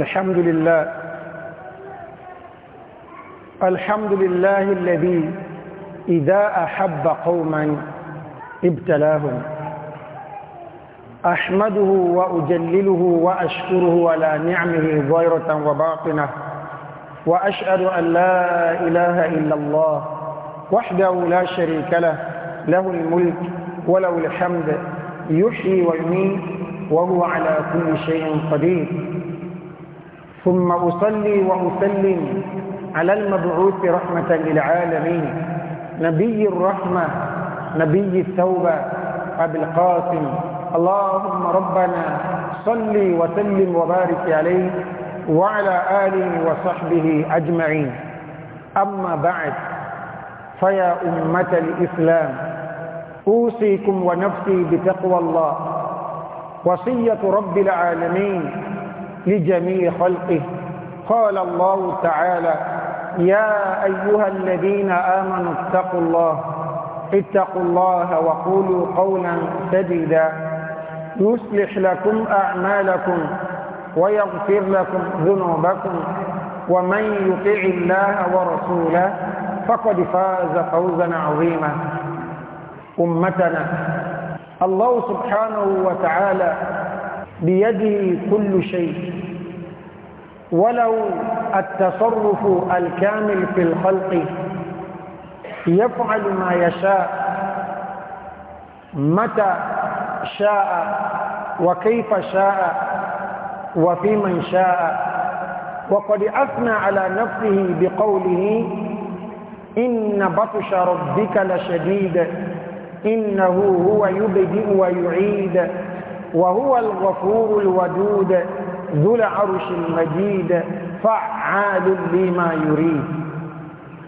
الحمد لله الحمد لله الذي إذا أحب قوما ابتلاهم أحمده وأجلله وأشكره على نعمه ظاهرة وباطنة وأشهد أن لا إله إلا الله وحده لا شريك له له الملك وله الحمد يحيي ويميت وهو على كل شيء قدير ثم أصلي وأسلم على المبعوث رحمة للعالمين نبي الرحمة نبي التوبة أبي القاسم اللهم ربنا صل وسلم وبارك عليه وعلى آله وصحبه أجمعين أما بعد فيا أمة الإسلام أوصيكم ونفسي بتقوى الله وصية رب العالمين لجميع خلقه قال الله تعالى يا أيها الذين آمنوا اتقوا الله اتقوا الله وقولوا قولا سديدا يصلح لكم أعمالكم ويغفر لكم ذنوبكم ومن يطع الله ورسوله فقد فاز فوزا عظيما أمتنا الله سبحانه وتعالى بيده كل شيء ولو التصرف الكامل في الخلق يفعل ما يشاء متى شاء وكيف شاء وفي من شاء وقد أثنى على نفسه بقوله إن بطش ربك لشديد إنه هو يبدئ ويعيد وهو الغفور الودود ذو العرش المجيد فعال لما يريد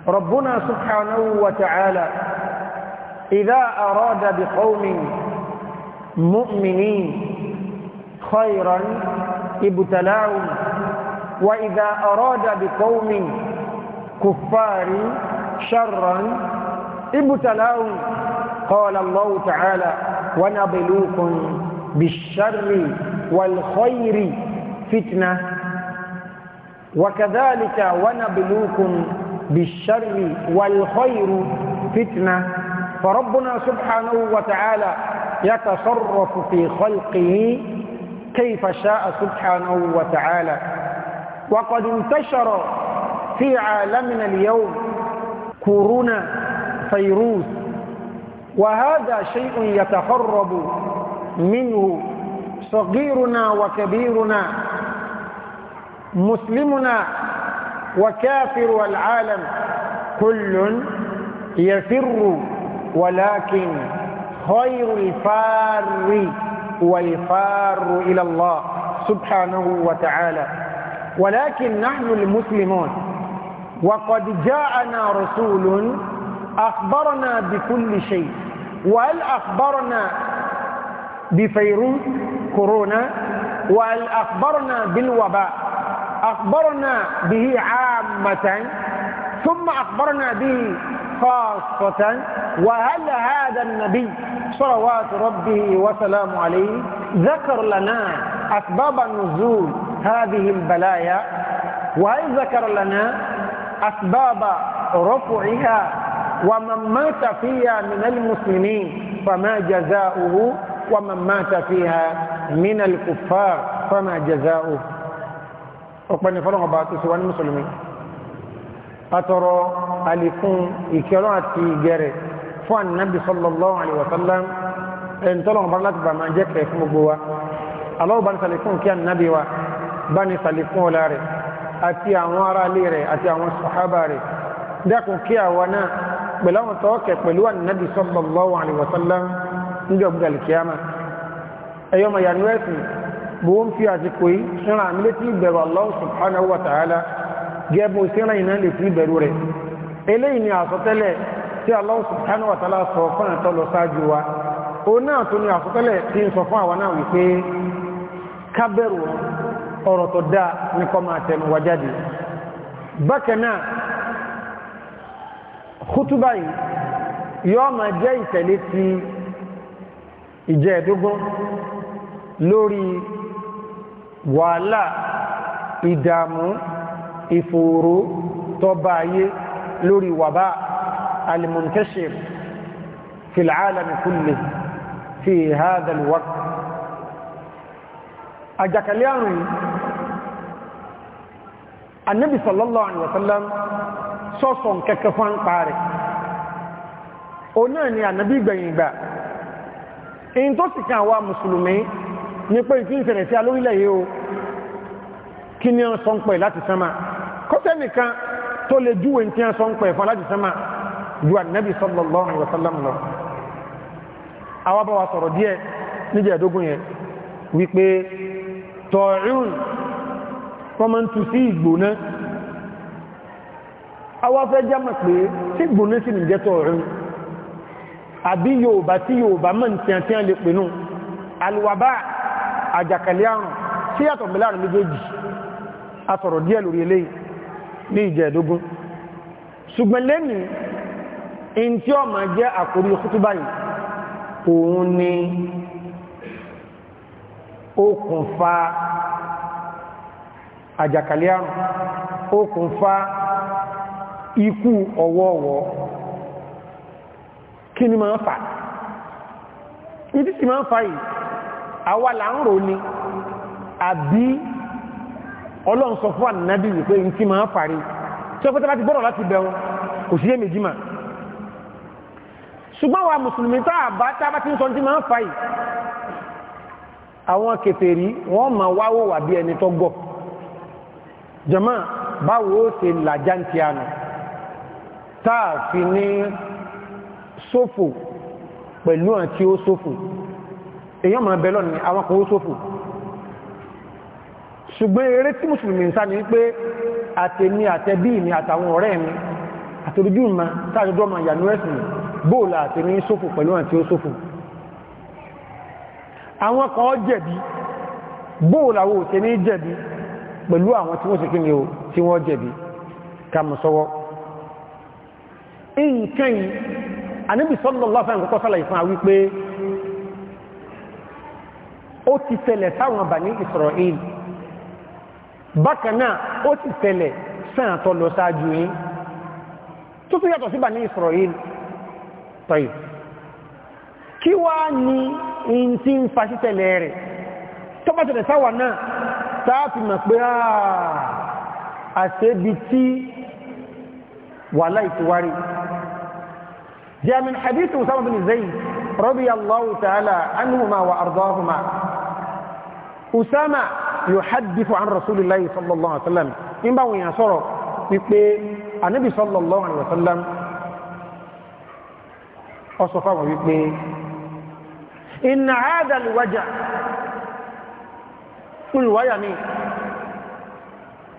ربنا سبحانه وتعالى إذا أراد بقوم مؤمنين خيرا ابتلاهم وإذا أراد بقوم كفار شرا ابتلاهم قال الله تعالى ونبلوكم بالشر والخير فتنة وكذلك ونبلوكم بالشر والخير فتنة فربنا سبحانه وتعالى يتصرف في خلقه كيف شاء سبحانه وتعالى وقد انتشر في عالمنا اليوم كورونا فيروس وهذا شيء يتخرب منه صغيرنا وكبيرنا مسلمنا وكافر والعالم كل يفر ولكن خير الفار والفار إلى الله سبحانه وتعالى ولكن نحن المسلمون وقد جاءنا رسول أخبرنا بكل شيء وهل أخبرنا بفيروس كورونا أخبرنا بالوباء أخبرنا به عامة ثم أخبرنا به خاصة وهل هذا النبي صلوات ربه وسلامه عليه ذكر لنا أسباب نزول هذه البلايا وهل ذكر لنا أسباب رفعها ومن مات فيها من المسلمين فما جزاؤه ومن مات فيها من الكفار فما جزاؤه أقبل فرغ باتوس والمسلمين أترى ألفون إكرات جري فان النبي صلى الله عليه وسلم ان تلون برلات بما جك يفمغوا الله بان سالفون كي النبي وا بني سالفون لاري أتي أنوار ليري أتي أنوار صحابة داكو كي أوانا بلاو توكي بلوان النبي صلى الله عليه وسلم níjọ́ gbogbo alìkíyàmà ẹ̀yọ́ ma yàní wẹ́sì bó ń fi àsìkò yìí ṣíra àmì létí ìbẹ̀rù Allah subhanahu wa ta'ala gẹ́bù síra iná lè fi ìbẹ̀rù rẹ̀ eléyìí ni àsọtẹ́lẹ̀ tí Allah subhanahu wa ta'ala sọ fún ẹ̀tọ́ lọ sáájú wa ó náà tó ní àsọtẹ́lẹ̀ tí ń sọ fún àwọn yọ́ máa jẹ́ ìtẹ̀lé ti ìjẹ́ ẹ̀dógún lórí wàhálà ìdààmú ìfòòró tọba ayé lórí wàbá alimuntashir في العالم كله في هذا الوقت أجاكاليان النبي صلى الله عليه وسلم صوصا ككفان قارئ وناني النبي بين بقى in tó sì kan àwa mùsùlùmí ní pé ìtí ìṣẹ̀lẹ̀ sí alórílẹ̀ yìí o kí ni wọ́n sọ ń pẹ̀ láti sánmà kọ́sẹ́ nìkan tó lè júwe tí wọ́n sọ ń pẹ̀ fún láti sánmà ju ànábì sallallahu alaihi wasallam lọ àwa bá wa sọ̀rọ̀ díẹ̀ níjẹ̀ ẹ̀dógún yẹn wípé tọ̀ọ̀rún wọ́n máa ń tu sí ìgbóná àwa fẹ́ jámọ̀ pé sí ìgbóná sì nìjẹ́ tọ̀ọ̀rún àbí Yorùbá tí Yorùbá mọ̀ ní tí a lè pè nù alùwàbá àjàkálẹ̀ àrùn tí yàtọ̀ mẹ́lá àrùn méjèèjì a sọ̀rọ̀ díẹ̀ lórí eléyìí ní ìjẹ̀ẹ́dógún ṣùgbọ́n lẹ́nu in tí ó máa jẹ́ àkórí kútúbà yìí òun ni kí ni máa ń fà ìdí sì máa ń fà yìí àwa là ń rò ní àbí ọlọ́run sọ fún ànábì wípé n tí máa ń fà rí tí ó pẹ́ tẹ́lá ti bọ́rọ̀ láti bẹ̀rún kò sí èméjì mà ṣùgbọ́n wa mùsùlùmí tá àbá tá a bá ti ń sọ tí máa ń fà yìí àwọn kèfèrí wọ́n máa wáwó wà bí ẹni tó gọ̀ jàmáà báwo ó ṣe làjá ń ti àná táà fi ní sófò pẹ̀lú àti ó sófò èyàn ma bẹ̀lọ́ ni àwọn kan ó sófò ṣùgbọ́n eré tí mùsùlùmí ń sá ní pé àtẹ̀mí àtẹ̀bí mi àtàwọn ọ̀rẹ́ mi àtòrújú ma sáàjọ́dọ́ ma yà nírẹ́sì mi bóòlà àtẹ̀mí sófò pẹ̀lú àti ó sófò àwọn kan jẹ̀bi bóòlà wo tẹ̀ ní jẹ̀bi pẹ̀lú àwọn tí wọ́n sì kí ni o tí wọ́n jẹ̀bi kàmùsọ́wọ́ nǹkan yìí anábì sallallahu alaihi wasallam sọ́lá ìfún àwí pé ó ti ṣẹlẹ̀ sáwọn Bani Israel bákanáà ó ti ṣẹlẹ̀ sẹ́yàn tó lọ sáájú yín tó tún yàtọ̀ sí Bani Israel tọ́yì kí wá ní in tí ń fa ṣíṣẹlẹ̀ rẹ̀ tó bá ṣẹlẹ̀ sáwà náà tààfi mọ̀ pé ah, àṣẹ́bi tí wà láìtíwárí جاء من حديث أسامة بن زيد رضي الله تعالى عنهما وأرضاهما أسامة يحدث عن رسول الله صلى الله عليه وسلم إنما ينصر يقول النبي صلى الله عليه وسلم أصفى ويقول إن هذا الوجع قل ويعني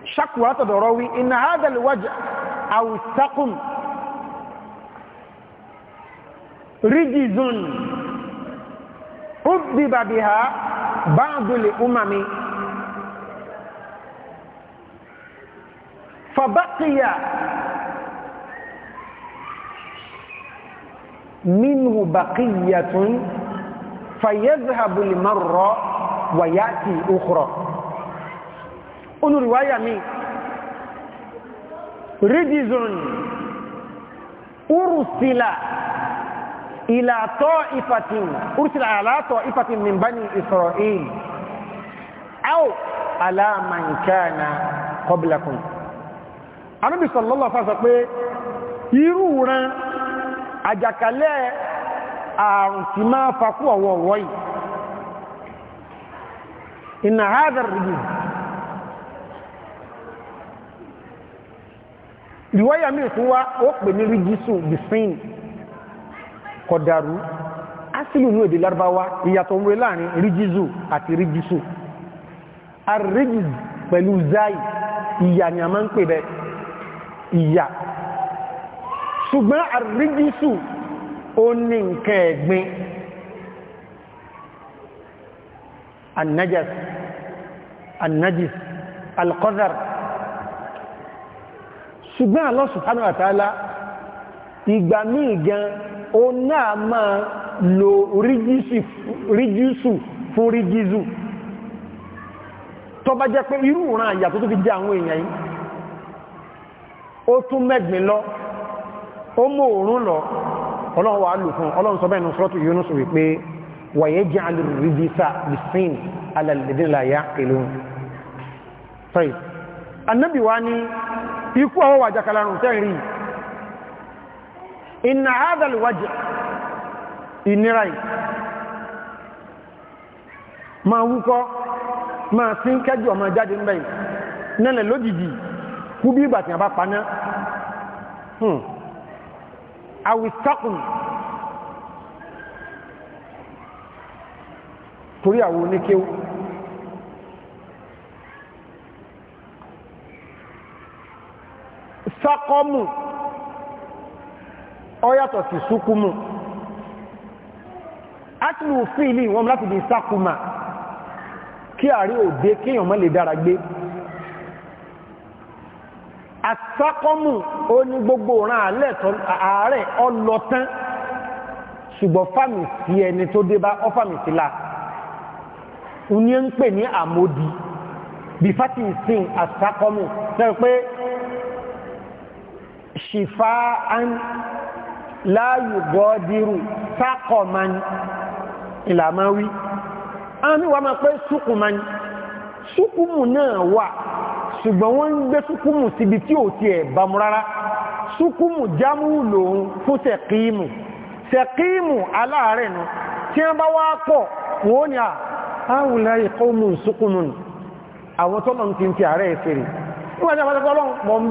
شكوى تدروي إن هذا الوجع أو سقم rígìzùn ó bí bàbí ha bá àdúlé umami fàbákìyà منه بقية فيذهب لمرة ويأتي أخرى قلوا رواية مين رجز أرسل إلى طائفة أرسل على طائفة من بني إسرائيل أو على من كان قبلكم Ànábì sallallahu alaihi wasallam pé irú ran àjàkálẹ̀ àrùn tí máa fakú ọ̀wọ̀ wọ́yí inna hadha ar-rijl riwaya mi tún wá ó pè ní ríjísù bisin kọ̀dàrú asìlù ní èdè lárúbáwá ìyàtọ̀ ń wé láàrin rígizù àti rígizù arigiz pẹ̀lú zai ìyà ni a máa ń pè bẹ ìyà ṣùgbọ́n arigizu ó ní nǹkan ẹ̀gbin annajas annajis ṣùgbọ́n Allah subhanahu wa ìgbà míì gan òun náà máa lo rígísù fún rígísù tó bá jẹ́ pé irú ìran àyà tó tó fi jẹ àwọn èèyàn yìí ó tún mẹ́gbìn lọ ó mú òórùn lọ ọlọ́run wà fún ọlọ́run sọ bẹ́ẹ̀ nù sọ́tù Yunus wípé wàyé jẹ́ alìrìdísà bisin ni inna hadha alwajh ìnira yìí ma wúkọ́ ma sí kẹjù ọmọ jáde ń bẹ̀yìn nílẹ̀ lójijì kú bí ìgbà tí a bá paná àwìsọ́kùn hmm. torí àwọn oníkéwú sọ́kọ́mù ọyàtọ̀ sí súkúmù átìlù fíìlì wọn láti di sákúmà kí àrí òde kíyàn mọ́ lè dára gbé àsákọ́mù ó ní gbogbo ràn àlẹ́tọ̀ ààrẹ ọlọ́tán ṣùgbọ́n fàmì sí ẹni tó dé bá ọfàmì sí la ní ń pè ní àmódi bí fàtí ìsìn àsákọ́mù sẹ́rẹ̀ pé ṣìfà láàyò gọ́ọ́dírù sákọ̀man ìlàmáwí àwọn wà máa pé súkùman súkùmù náà wà ṣùgbọ́n wọ́n ń gbé súkùmù síbi tí ò ti ẹ̀ bàmú rárá súkùmù jámù lòun fún sẹ̀kíìmù sẹ̀kíìmù aláàárẹ̀ nu tí wọ́n bá wá pọ̀ wọ́n ni àwùlá ìkọ́mù súkùmù àwọn tọ́lọ̀ ti ń ti mọ̀ ń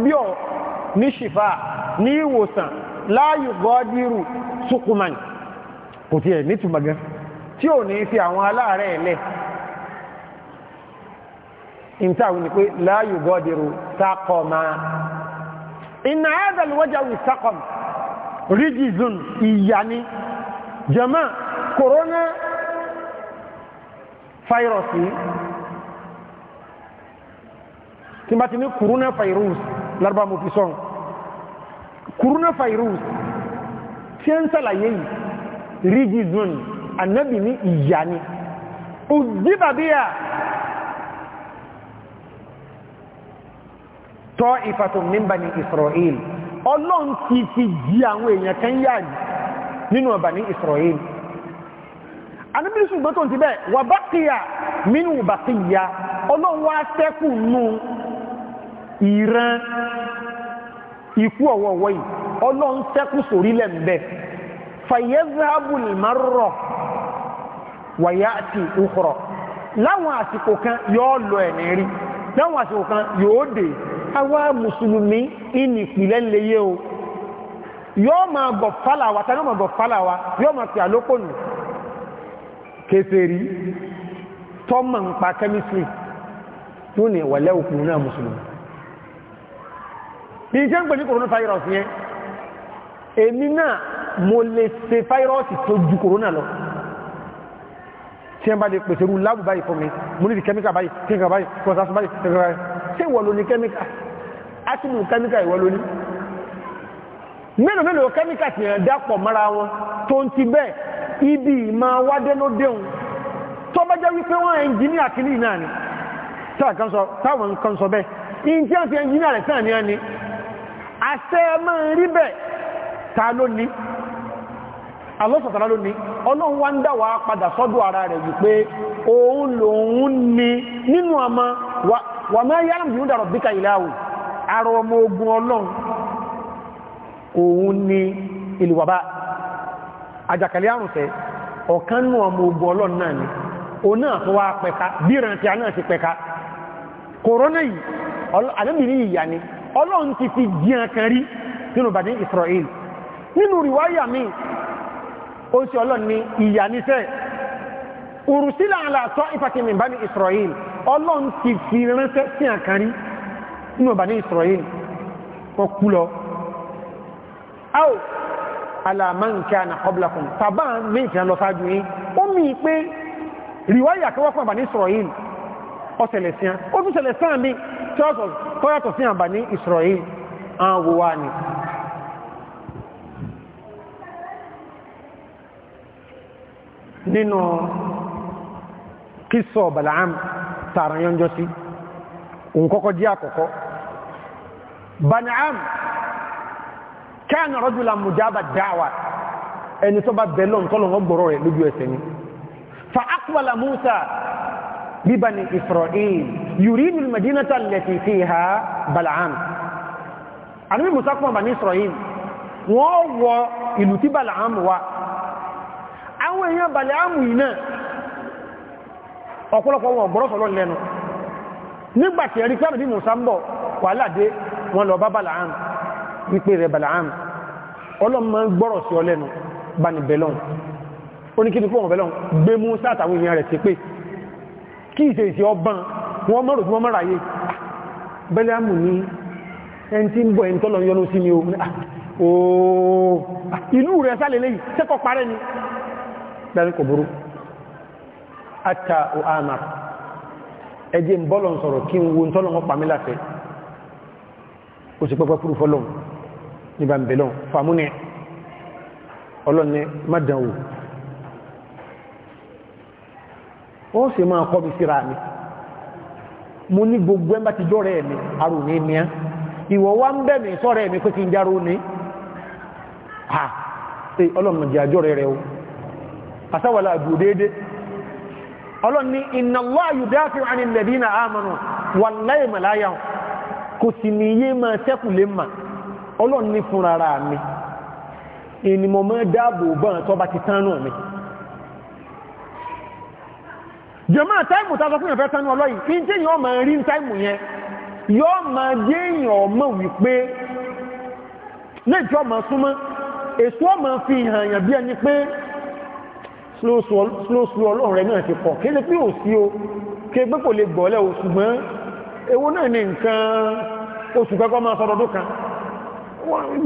bí ọ̀ láàyò gọ́ọ́dírù sukuman kò tiẹ̀ nítumọ̀ gan tí ò ní fi àwọn aláàárẹ̀ ẹ̀lẹ́ ìntàwọn ni pé láàyò gọ́ọ́dírù sákọ̀ọ́mà ìnà àádọ́lù wọ́jà wì sákọ̀m rígizun ìyàní jama corona fáírọ̀sì tí bá ti corona fáírọ̀sì lárúbá mo fi sọ́n coronavirus tí ń sàlàyé yìí rigizun annabi ní ìyà ni òjíbàbíyà tọ́ ìfàtò mímbà ní Israel ọlọ́run ti fi jí àwọn èèyàn kan yà nínú ọba ní Israel anábí ṣùgbọ́n tó ti bẹ́ wà bá kíyà mínú bá kíyà ọlọ́run wá ikú ọ̀wọ̀wọ̀ yìí ọlọ́run sẹ́kù sórílẹ̀ ń bẹ fàyẹ́zàbùl márọ̀ wàyà àti ìkọ̀rọ̀ láwọn àsìkò kan yóò lọ ẹ̀ní rí láwọn àsìkò kan yóò dé àwa mùsùlùmí ìní ìpìlẹ̀ léyé o yóò máa bọ̀ fálàwà tàbí máa bọ̀ fálàwà yóò máa pè àlókònù kèfèrí tọ́mọ̀ ń pa kẹ́mísírì tó ní ìwàlẹ́ òkú náà mùsùlùmí bí jẹ́ ń pè ní coronavirus yẹn èmi náà mo lè ṣe fáírọ́ọ̀sì tó ju corona lọ tí ẹ bá lè pèsè rú láàbù báyìí fún mi mo ní di kẹ́míkà báyìí kẹ́míkà báyìí kọ́sásún báyìí kẹ́míkà báyìí ṣé ìwọ ló ní kẹ́míkà átìmù kẹ́míkà ìwọ ló ní mélòó mélòó kẹ́míkà ti hàn dápọ̀ mọ́ra wọn tó ń ti bẹ́ẹ̀ ibi ìmọ̀ wádé ló déhùn tó bá jẹ́ wípé wọ́n ẹnjìníà kìíní náà ni táwọn kan sọ bẹ́ẹ̀ ìyìn tí ẹnjìníà rẹ̀ sáà ní àṣẹ máa rí bẹ̀ ta ló ní alọ́sọ̀tàrà ló ní ọlọ́run wá ń dáwà padà sọ́dọ̀ ara rẹ̀ wípé òun lòun ní nínú ọmọ wà máa yára mú dàrọ̀ bí ká ìlà òun ara ọmọ ogun ọlọ́run òun ní ìlúwàbá àjàkálẹ̀ àrùnfẹ́ ọ̀kan nù ọmọ ogun ọlọ́run náà ni òun náà tó wá pẹ̀ka bí ìrántí a ti pẹ̀ka kòrónà yìí àdébìnrin ìyà ni ọlọ́run ti fi jíyàn kan rí nínú bàdí Israel nínú ríwáyà mi ó sì ọlọ́run ní ìyà níṣẹ́ òrùsílà àlàtọ́ ìfàkìmì bá ní Israel ọlọ́run ti fi ránṣẹ́ sí àkàrí nínú bàdí Israel wọ́n kú lọ áò alàmánkà na ọblakùn tàbá méjìlá lọ sáájú yìí ó mì í pé ríwáyà kí wọ́n fún bàdí Israel ọ̀sẹ̀lẹ̀ sí tọ́yàtọ̀ sí àbà ní Israel àwọn wà ní nínú kíso Balaam tààràyànjọ́ sí òǹkọ́kọ́ jí àkọ́kọ́ Balaam kana rajula mujaba da'wa ẹni tó bá bẹ̀lọ́ tọ́lọ̀ gbọ́rọ̀ rẹ̀ lójú ẹsẹ̀ ni fa aqbala Musa bí Bani Israel yuridu al-madinata allati fiha Bal'am àníbí musa kún ọba ní Israel wọ́n wọ ìlú tí Bal'am wà àwọn èèyàn Bal'am yìí náà ọ̀pọ̀lọpọ̀ wọn gbọ́rọ̀sọ̀lọ́ lẹ́nu nígbàtí ẹ̀rí pẹ́rù bí musa ń bọ̀ wà láàdé wọn lọ bá Bal'am wípé rẹ̀ Bal'am ọlọ́mọ gbọ́rọ̀ sí ọ lẹ́nu bá ní belong oníkíní fún ọ̀bẹ̀lọ́n gbé musa àtàwọn èèyàn rẹ̀ ti pé kí ìṣe ìṣe ọbán wọ́n mọ́rò tí wọ́n mọ́ra yé bẹ́lẹ́mù ní ẹn tí ń bọ̀ ẹn tọ́lọ yọ́nú sí ni ooo ìlú rẹ̀ sálẹ̀ lẹ́yìn sẹ́kọ̀ parẹ́ ni lẹ́rin kò burú ata o amar ẹjẹ́ ń bọ́lọ̀ sọ̀rọ̀ kí n wo ń tọ́lọ̀ pàmí láfẹ́ ó sì pẹ́pẹ́ púrú fọ́lọ̀ níbà ń bẹ̀lọ̀ fàmúnẹ ọlọ́ni mádànwò ó sì máa kọ́ mi síra mi mo ní gbogbo ẹmbá ti jọ́rẹ̀ ẹ̀mí arò ní mìíràn ìwọ̀ wá ń bẹ̀ mí sọ́rẹ̀ ẹ̀mí pé ha ṣe ọlọ́run jẹ́ àjọ́rẹ̀ rẹ̀ o àsáwàlá àjò déédé ọlọ́run ní inna 'ani alladhina amanu wallahi màláyà kò sì ní iye máa sẹ́kù lé mà ọlọ́run ní fúnra mọ́ dáàbò bọ́n tó bá ti tán jẹmọ́ táìmù tàbí fún ìrìnfẹ́ tánú ọlọ́yìn kí n tí yọ́ ma rí táìmù yẹn yọ́ ma jẹ́ èyàn ọmọ wípé lẹ́jọ́ ma súnmọ́ èso ọmọ fi hàn yàn bí ẹni pé slow slow ọlọ́run rẹ̀ náà ti pọ̀ kí ní pí ò sí o kí pé kò lè gbọ́lẹ̀ o ṣùgbọ́n ewo náà ní nǹkan oṣù kẹ́kọ́ máa sọ ọdún kan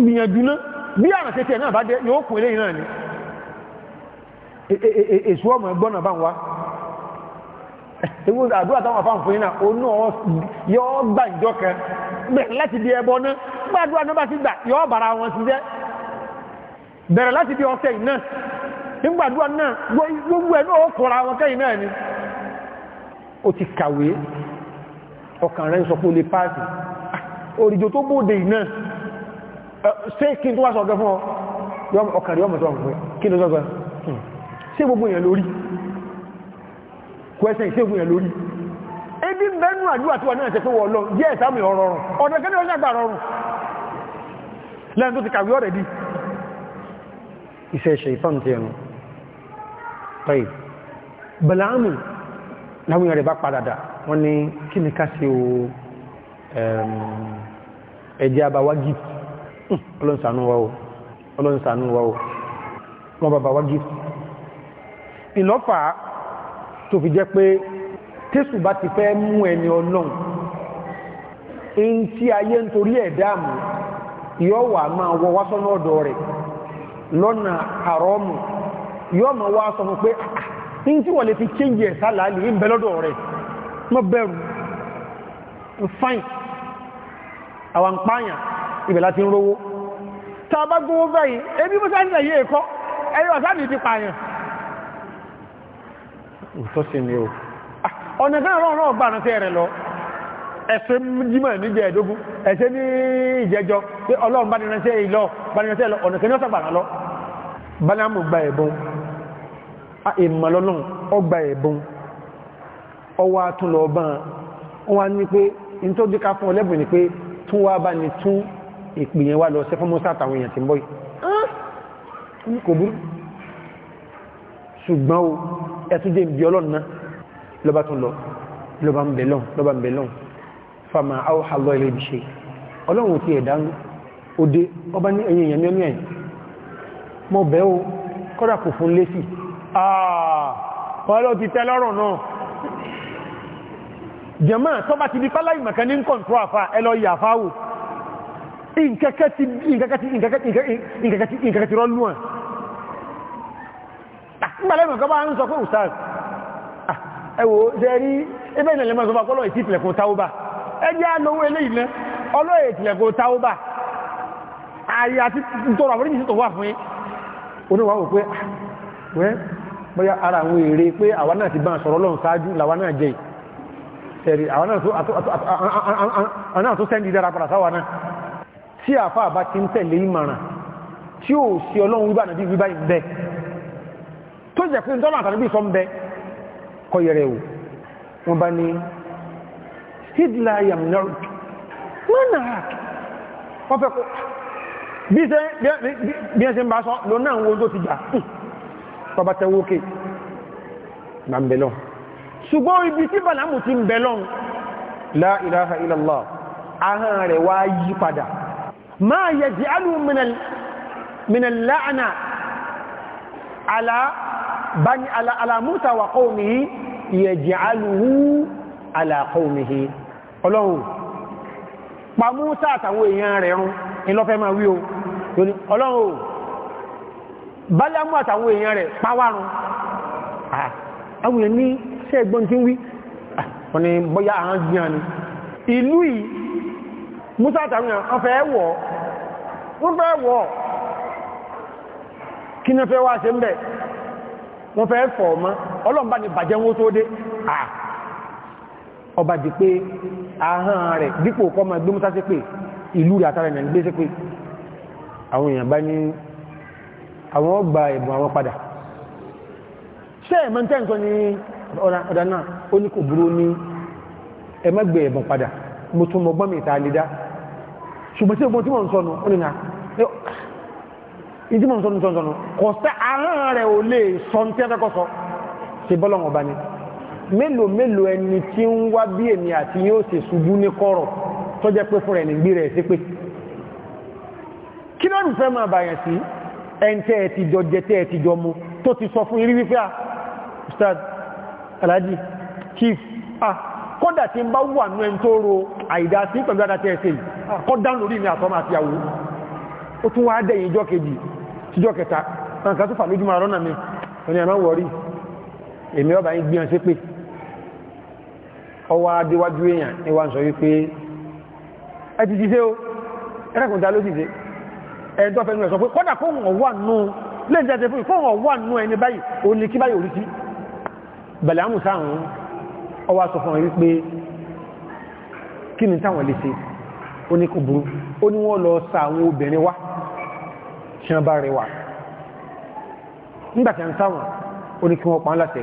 gbìyànjú náà bí àrùn tẹ́tẹ́ náà bá dé yóò kún eléyìí náà ni e, e, e, èso ọmọ ẹgbọ́n náà bá ń wá ewu àdúrà táwọn afáǹfò yìí náà onú ọ yọ gbà ìjọ kan láti di ẹbọ náà gbàdúrà náà bá ti gbà yọ bàrà wọn sí jẹ bẹ̀rẹ̀ láti di ọ̀sẹ̀ yìí náà nígbàdúrà náà gbogbo ẹ̀ náà ó kọra wọn kẹ́yìn náà ni ó ti kàwé ọkàn rẹ̀ ń sọ pé ó lè páàsì òrìjò tó bóde yìí náà ṣé kí n tó wá sọ ọ̀gẹ́ fún ọ ọkàn rẹ̀ ọmọ tó wà fún ẹ kwẹ́sẹ̀ ìṣègùn yẹn lórí ebi mẹ́nu àdúrà tí wà náà tẹ́fẹ́ wọ́ lọ yẹ́ ẹ̀sàmì ọ̀rọ̀rùn ọ̀dọ̀ kẹ́ni ọjọ́ àgbà rọrùn lẹ́nu tó ti kàwé ọ̀rẹ̀ dì iṣẹ́ ṣe ìfọ́n ti ẹnu tọ́yì bẹ̀láàmù láwọn èèyàn rẹ̀ bá padàdà wọ́n ní tó fi jẹ́ pé tẹ́sù bá ti fẹ́ mú ẹni ọlọ́run in tí ayé ń torí ẹ̀dáàmù yọ́ wà máa wọ wásán ọ̀dọ̀ rẹ̀ lọ́nà àrọ́mù yọ́ máa wá sọ fún pé ah, in tí wọ́n lè fi kéyẹ sálàálì ń bẹ lọ́dọ̀ rẹ̀ mọ́ bẹ̀rù fine àwọn pààyàn ibẹ̀ láti ń rówó tá a bá gbówó báyìí ẹ̀kọ́ ẹ̀yọ́ sáàdì ti pààyàn òtọ́sí ni o ah, ọ̀nà tán rán rán bá rántí ẹ̀rẹ̀ lọ ẹ̀fẹ́ jímọ̀ níjẹ̀ ẹ̀dógún ẹ̀ṣẹ́ ní ìjẹjọ pé ọlọ́run bá nínú ẹ̀ṣẹ́ ìlọ bá nínú ẹ̀ṣẹ́ ọ̀nà kẹ́ni ọ̀sàgbà lọ bálámù gba ẹ̀bùn ìmọ̀lọ́lọ́run ọgbà ẹ̀bùn ọwọ́ atúnlọ ọba wọn ní pé n tó dé ká fún ọlẹ́bùn ni pé tún wá bá ní tún ìpìyẹn wá lọ sí fún mọ́sá àtàwọn èèyàn tí ń bọ́ yìí kò burú ṣùgbọ́n o ẹ̀túnjẹ́ ìbí ọlọ́nà lọ́bá tún lọ lọ́bá ń bẹ̀lọ́n lọ́bá ń bẹ̀lọ́n fama áwọ̀hálọ́ ilé ibi ṣe ọlọ́run ti ẹ̀dá òde ọba ní ẹ̀yìn ìyẹn mẹ́rin ẹ̀yìn mọ́ bẹ́ o kọ́dà kò fún lé sí ọlọ́ ti tẹ́lọ́rọ̀ náà jẹ́mọ́ tọ́bá ti di pálá ìmọ̀kan ní kọ̀ntró àfá ẹlọ ìyàfáwò ìǹkẹ́kẹ́ ti rọ́lúwọ̀n nígbàlẹ́mù kan bá ń sọ pé ah ẹwò ṣe i ẹgbẹ́ ìnàlẹ́ máa sọ fún ọlọ́yẹ̀ tí ìtìlẹ̀kùn táúbà ẹjẹ́ alówó ilé ìlẹ́ ọlọ́yẹ̀ ìtìlẹ̀kùn táúbà tọrọ fún oníwà ah, bóyá ara àwọn èrè pé náà ti bá náà jẹ́ náà tó sẹ́ndì dára padà náà tí àfáà bá ti ń tẹ̀lé tí sí ọlọ́run wíbà wíbà ìbẹ́ tó jẹ́ pé tọ́lá àtàríbí sọ ń bẹ kọ yẹrẹ o wọ́n bá ní sidla yamnark monarch wọ́n fẹ́ kọ́ bí ẹ́ ṣe ń bá sọ lọ náà wọ́n tó ti jà bàbá tẹ́wókè na ń bẹ̀lọ́n ṣùgbọ́n ibi tí bàlámù ti ń bẹ̀lọ́n la ilaha ahán rẹ̀ wá yí padà máa yẹ jẹ́ alùmìnà láàánà alá bani ala ala musa wa qawmihi yaj'aluhu ala qawmihi Ọlọ́hun pa musa àtàwọn èèyàn rẹ̀ run in ló fẹ́ máa wí o yoni Ọlọ́hun balamu àtàwọn èèyàn rẹ̀ pa wá run ah àwọn ni ṣe gbọ́n tin wí ah oni bóyá an ni ìlú yìí musa àtàwọn èèyàn an kí ni fẹ́ wá ṣe ńbẹ̀ wọ́n fẹ́ fọ̀ ọmọ ọlọ́mbà ni bàjẹ́ wó tó dé à ọba di pé ahán rẹ̀ dípò kọ́ ma gbémútá sí pé ìlú rẹ̀ àtàrà ìrìn gbé sí pé àwọn èèyàn bá ní àwọn ọgbà ẹ̀bùn àwọn padà ṣe ẹ̀mọ́ ní ọ̀dà náà ó ní kò ní ẹ̀bùn padà mo tún ìdí mọ̀ nsọ́nù sọ́nù kò sẹ́ ahọ́n rẹ̀ ò lè sọ ní tẹ́fẹ́ kọ́ sọ ṣe bọ́lọ̀ wọn bá ní mélòó mélòó ẹni tí ń wá bí èmi àti yóò ṣe ṣubú ní kọ́rọ̀ tó jẹ́ pé fúnra ẹni gbé rẹ̀ sí pé kí ló fẹ́ máa bàyàn sí ẹ̀ǹtẹ́ ẹ̀ ti jọ mu tó ti sọ fún irí wípé ah, ustad alhaji chief ah kódà tí ń bá wà nú ẹni tó ro àìdá sí pẹ̀lú àdá tẹ́ ẹ̀ sí ah, kọ́ dáhùn lórí mi àtọ́mà àti àwò ó tún wá dẹ̀yìn ìjọ kejì tíjọ́ kẹta nǹkan tó fà lójúmọ́ àrọ́nà mi ẹni àmá wọ̀rí èmi ọba yìí gbíyàn sí pé ọwọ́ adéwájú èèyàn ni wà ń sọ wípé ẹ ti jíṣẹ́ o ẹ̀rẹ́kùn dá ló sì ṣe ẹni tó fẹ́ nù ẹ̀ sọ pé kọ́dà kó wọ́n wà nù lẹ́yìn tẹ́tẹ́ fún ìfọ́ wọ́n wà nù ẹni báyìí ó ní kí báyìí oríṣi bẹ̀lẹ̀ àmù sáàrùn ọwọ́ sọ fún wípé kí ni táwọn lè ṣe ó ní kò burú ó ní wọ́n lọ sa àwọn obìnrin wá tí wọ́n bá rẹwà nígbàtí ń sáwọn oníkí wọn pàán láti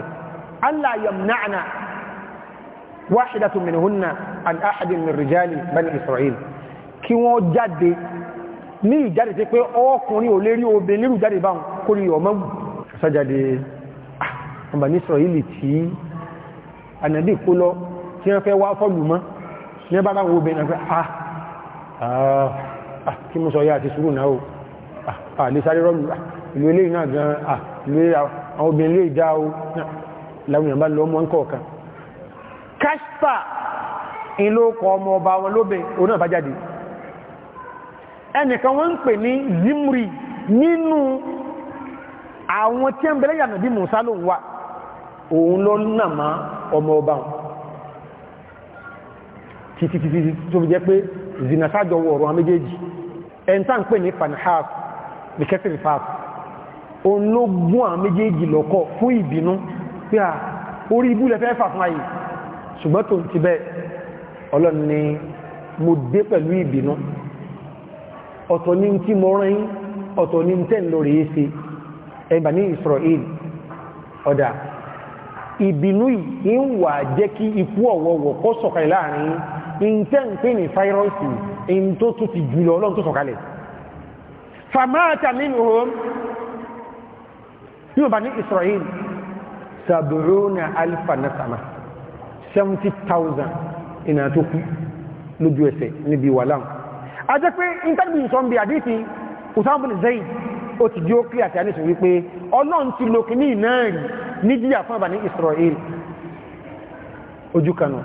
allah yamna'na wahidatu minhunna an ahadin min rijali bani israel kí wọ́n jáde ní ìjáde tí pé ọkùnrin ò lè rí obìnrin lérú jáde báwọn kó rí ọmọ gùn sájáde ah, ọmọ ní israeli tí ànàbí kó lọ tí wọ́n fẹ́ wá fọ́lù mọ́ ní ẹbá báwọn obìnrin àgbẹ́ ah, ah ah kí mú sọ yá àti sùúrù náà àlésáré ah, rọ́lù ah, ìlú ilé iná gan ah, ìlú àwọn obìnrin lè dá o láwọn èèyàn bá lọ mọ́ nǹkọ̀ọ̀kan kásípà ìlú ọkọ̀ ọmọ ọba wọn lóbe òun náà bá jáde ẹnìkan wọ́n ń pè ní zimri nínú àwọn tí ń bẹ̀rẹ̀ yàmì bí musa ló wà òun lọ nàmá ọmọ ọba wọn títí títí tó fi jẹ́ pé zinasájọ wọ̀rọ̀ àwọn méjèèjì ẹ̀ntà ń pè ní fanhas bìkẹ́sìrì fáàf òun ló gún àwọn méjèèjì lọ́kọ̀ fún ìbínú pé à orí ibú lẹ́fẹ́ fà fún ayé ṣùgbọ́n tó ń ti bẹ́ẹ̀ ọlọ́run ni mo dé pẹ̀lú ìbínú ọ̀tọ̀ ní tí mo rán yín ọ̀tọ̀ ní tẹ́ ń lọ rèé ṣe ẹgbà ní Israel ọ̀dà ìbínú yìí ń wà jẹ́ kí ikú ọ̀wọ̀wọ̀ kó sọ̀kalẹ̀ láàrin yín ń tẹ́ ń pè ní fáírọ́ọ̀sì ń tó tún ti jùlọ ọlọ́run tó sọ̀kalẹ̀ famata minhum ní Bani Israel sabruna alfa nasama 70,000 iná tó kú lójú ẹsẹ̀ níbi wà láhùn a jẹ́ pé intanbi sọ ń bí àdíkì Usama bin Zaid ó ti jí ó kí àti àníṣẹ́ wípé ọlọ́n ti lò kì ní náà rí ní jíyà fún Bani Israel ojú kanu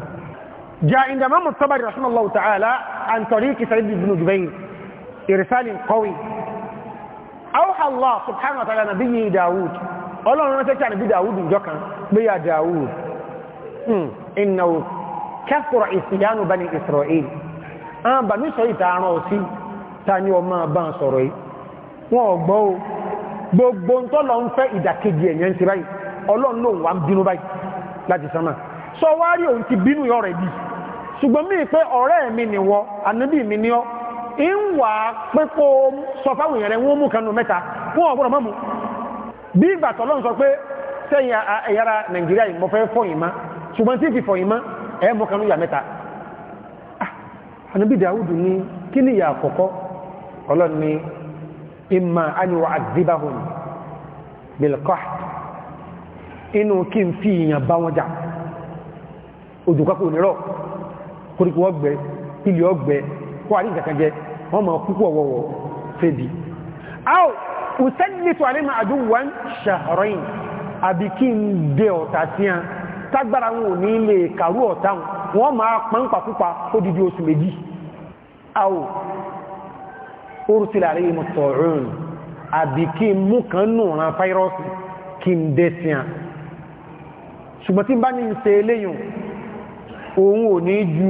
ja inda mamu tabari rahimallahu ta'ala an tariki Sa'id ibn Jubayr irsalin qawi أوحى الله سبحانه وتعالى نبيه داود الله نتكى نبي داود جوكا بيا داود إنه كثر إسيان بني إسرائيل أنا بني سويت أنا أسي تاني وما بان سوري gbogbo ń ń fẹ́ ìdàkejì ẹ̀yẹn ti báyìí ọlọ́run ló wà ń bínú báyìí láti sánmà sọ wárí òun ti bínú bí ṣùgbọ́n pé ọ̀rẹ́ mi ń wà pé kó sọ fáwọn èèyàn rẹ̀ wọ́n mú kanú mẹ́ta wọ́n ọ̀gbọ́n mọ́mú bí ìgbà tọ́lọ́n sọ pé sẹ́yìn ẹ̀yára nàìjíríà yìí mo fẹ́ fọyín má ṣùgbọ́n tí fi fọyín má ẹ̀ mọ́ kanú yà mẹ́ta anábì ah, Dáúdù ní kí ni ìyà àkọ́kọ́ ọlọ́n ní imma kó àrí ìkàkà jẹ wọ́n ma kúkú ọwọ́wọ́ fẹ́bi áò ùsẹ́lẹ̀tò àríma àdúwọ́n ṣàrọ́yìn àbí kí ń dé ọ̀tà sí án tágbára wọn ò ní lè kàrú ọ̀tà wọn máa pánpàkúpa odidi oṣù méjì áò orúsílẹ̀ àríma tọ̀rún àbí kí ń mú kan nù ran fáírọ́ọ̀sì kí ń dé sí ṣùgbọ́n tí bá ní ń eléyìn òun ò ní ju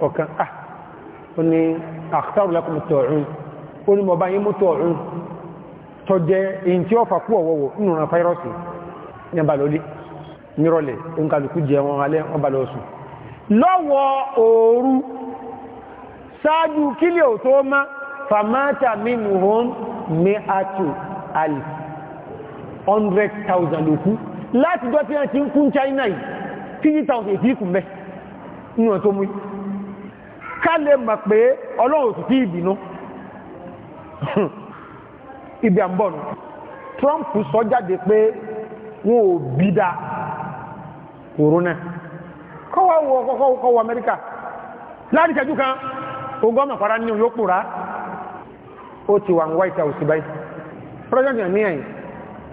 ọ̀kan ah ó ní àkítàrù lákùnmù tọ̀ọ̀rún ó ní mọ̀bá yí mú tọ̀ọ̀rún tó jẹ́ èyí tí ó fàkú ọ̀wọ̀wọ̀ nínú ran fáírọ́sì ní abalóli nírọ̀lẹ̀ oúnkàlùkù jẹ wọn alẹ́ ọbalọ́sùn lọ́wọ́ òru sáájú kílẹ̀ ò tó má fàmátà mínú hón mé àtò alì 100,000 lókú láti dọ́tí ẹ̀ ti ń kún China yìí 50,000 èdè ìkùnbẹ́ nínú ẹ̀ tó mú ká lè mọ̀ pé ọlọ́run ti ìbínú ibi àmbọ̀nù Trump sọ jáde pé wọn ò bí da corona kọ́wọ́ wọ kọ́kọ́ kọ́wọ́ Amẹ́ríkà láti ṣẹ́jú kan ogun ọmọ ìpara ní yóò pòrá ó ti wà ní White House báyìí president ní ẹ̀yìn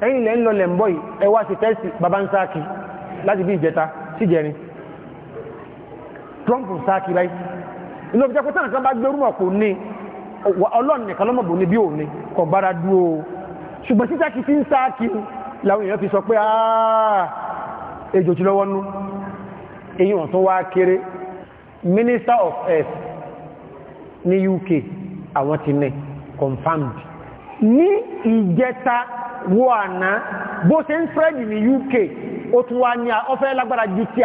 ẹ̀yìn ilẹ̀ ń lọ lẹ̀ ń yìí baba ń sáàkì láti bí ìjẹta Trump ń sáàkì ilé òbí jẹ́ pé tí nǹkan bá gbérú mọ̀ kò ní ọlọ́run nìkan lọ́mọ̀ bò ní bí òní kò bára dúró ṣùgbọ́n títà kí ti ń sá kí làwọn èèyàn fi sọ pé ejò ti nú èyí wọ̀n tó wá kéré minister of earth ní UK àwọn ti confirmed ní ìjẹta wo àná bó UK ó tún wá ní ọfẹ́ lágbára ju ti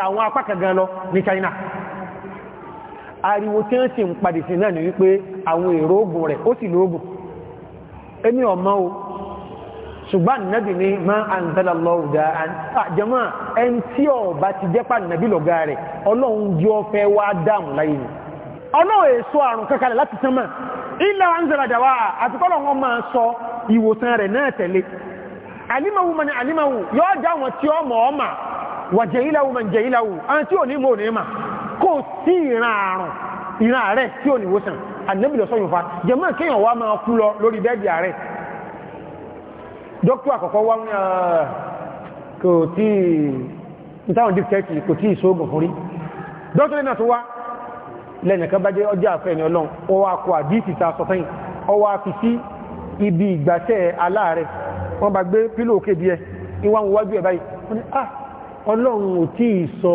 ariwo tí wọ́n sì ń padì sí náà ni wípé àwọn èrò ogun rẹ̀ ó sì lóògùn ọmọ o ṣùgbọ́n nàbì ni ma anzalallahu da'an àjẹmọ́ ẹn tí ọba ti jẹ́pà nàbì lọ́gá rẹ̀ ọlọ́run jọ fẹ́ wá dáàmù láyé ni ọlọ́run èso àrùn kankanlẹ̀ láti sánmà ilẹ̀ anzaladawa àtikọ́lọ̀ wọn máa sọ ìwòsàn rẹ̀ náà tẹ̀lé alimawu mani alimawu yóò dá wọn tí kò tí ìran àrùn ìran rẹ̀ tí ò ní wòsàn ànábìlẹ̀ sọ́yìn fa jẹ́mọ́ kéèyàn wá máa kú lọ lórí bẹ́ẹ̀dì ààrẹ dókítà àkọ́kọ́ wá ní ah, kò tí ìtàwọn dìpẹ́tì kò tí ìṣóògùn fún rí dókítà náà tó wá lẹ́nìkan bá jẹ́ ọjọ́ àfẹ́ ni ọlọ́run ó wá kọ àdíìtì ta sọ fẹ́yìn ó wá fi sí ibi ìgbàṣẹ́ aláàrẹ wọ́n bá gbé pílò òkè díẹ̀ ìwọ̀n wájú ẹ̀ báyìí wọ́n ni ah ọlọ́run ò tí ì sọ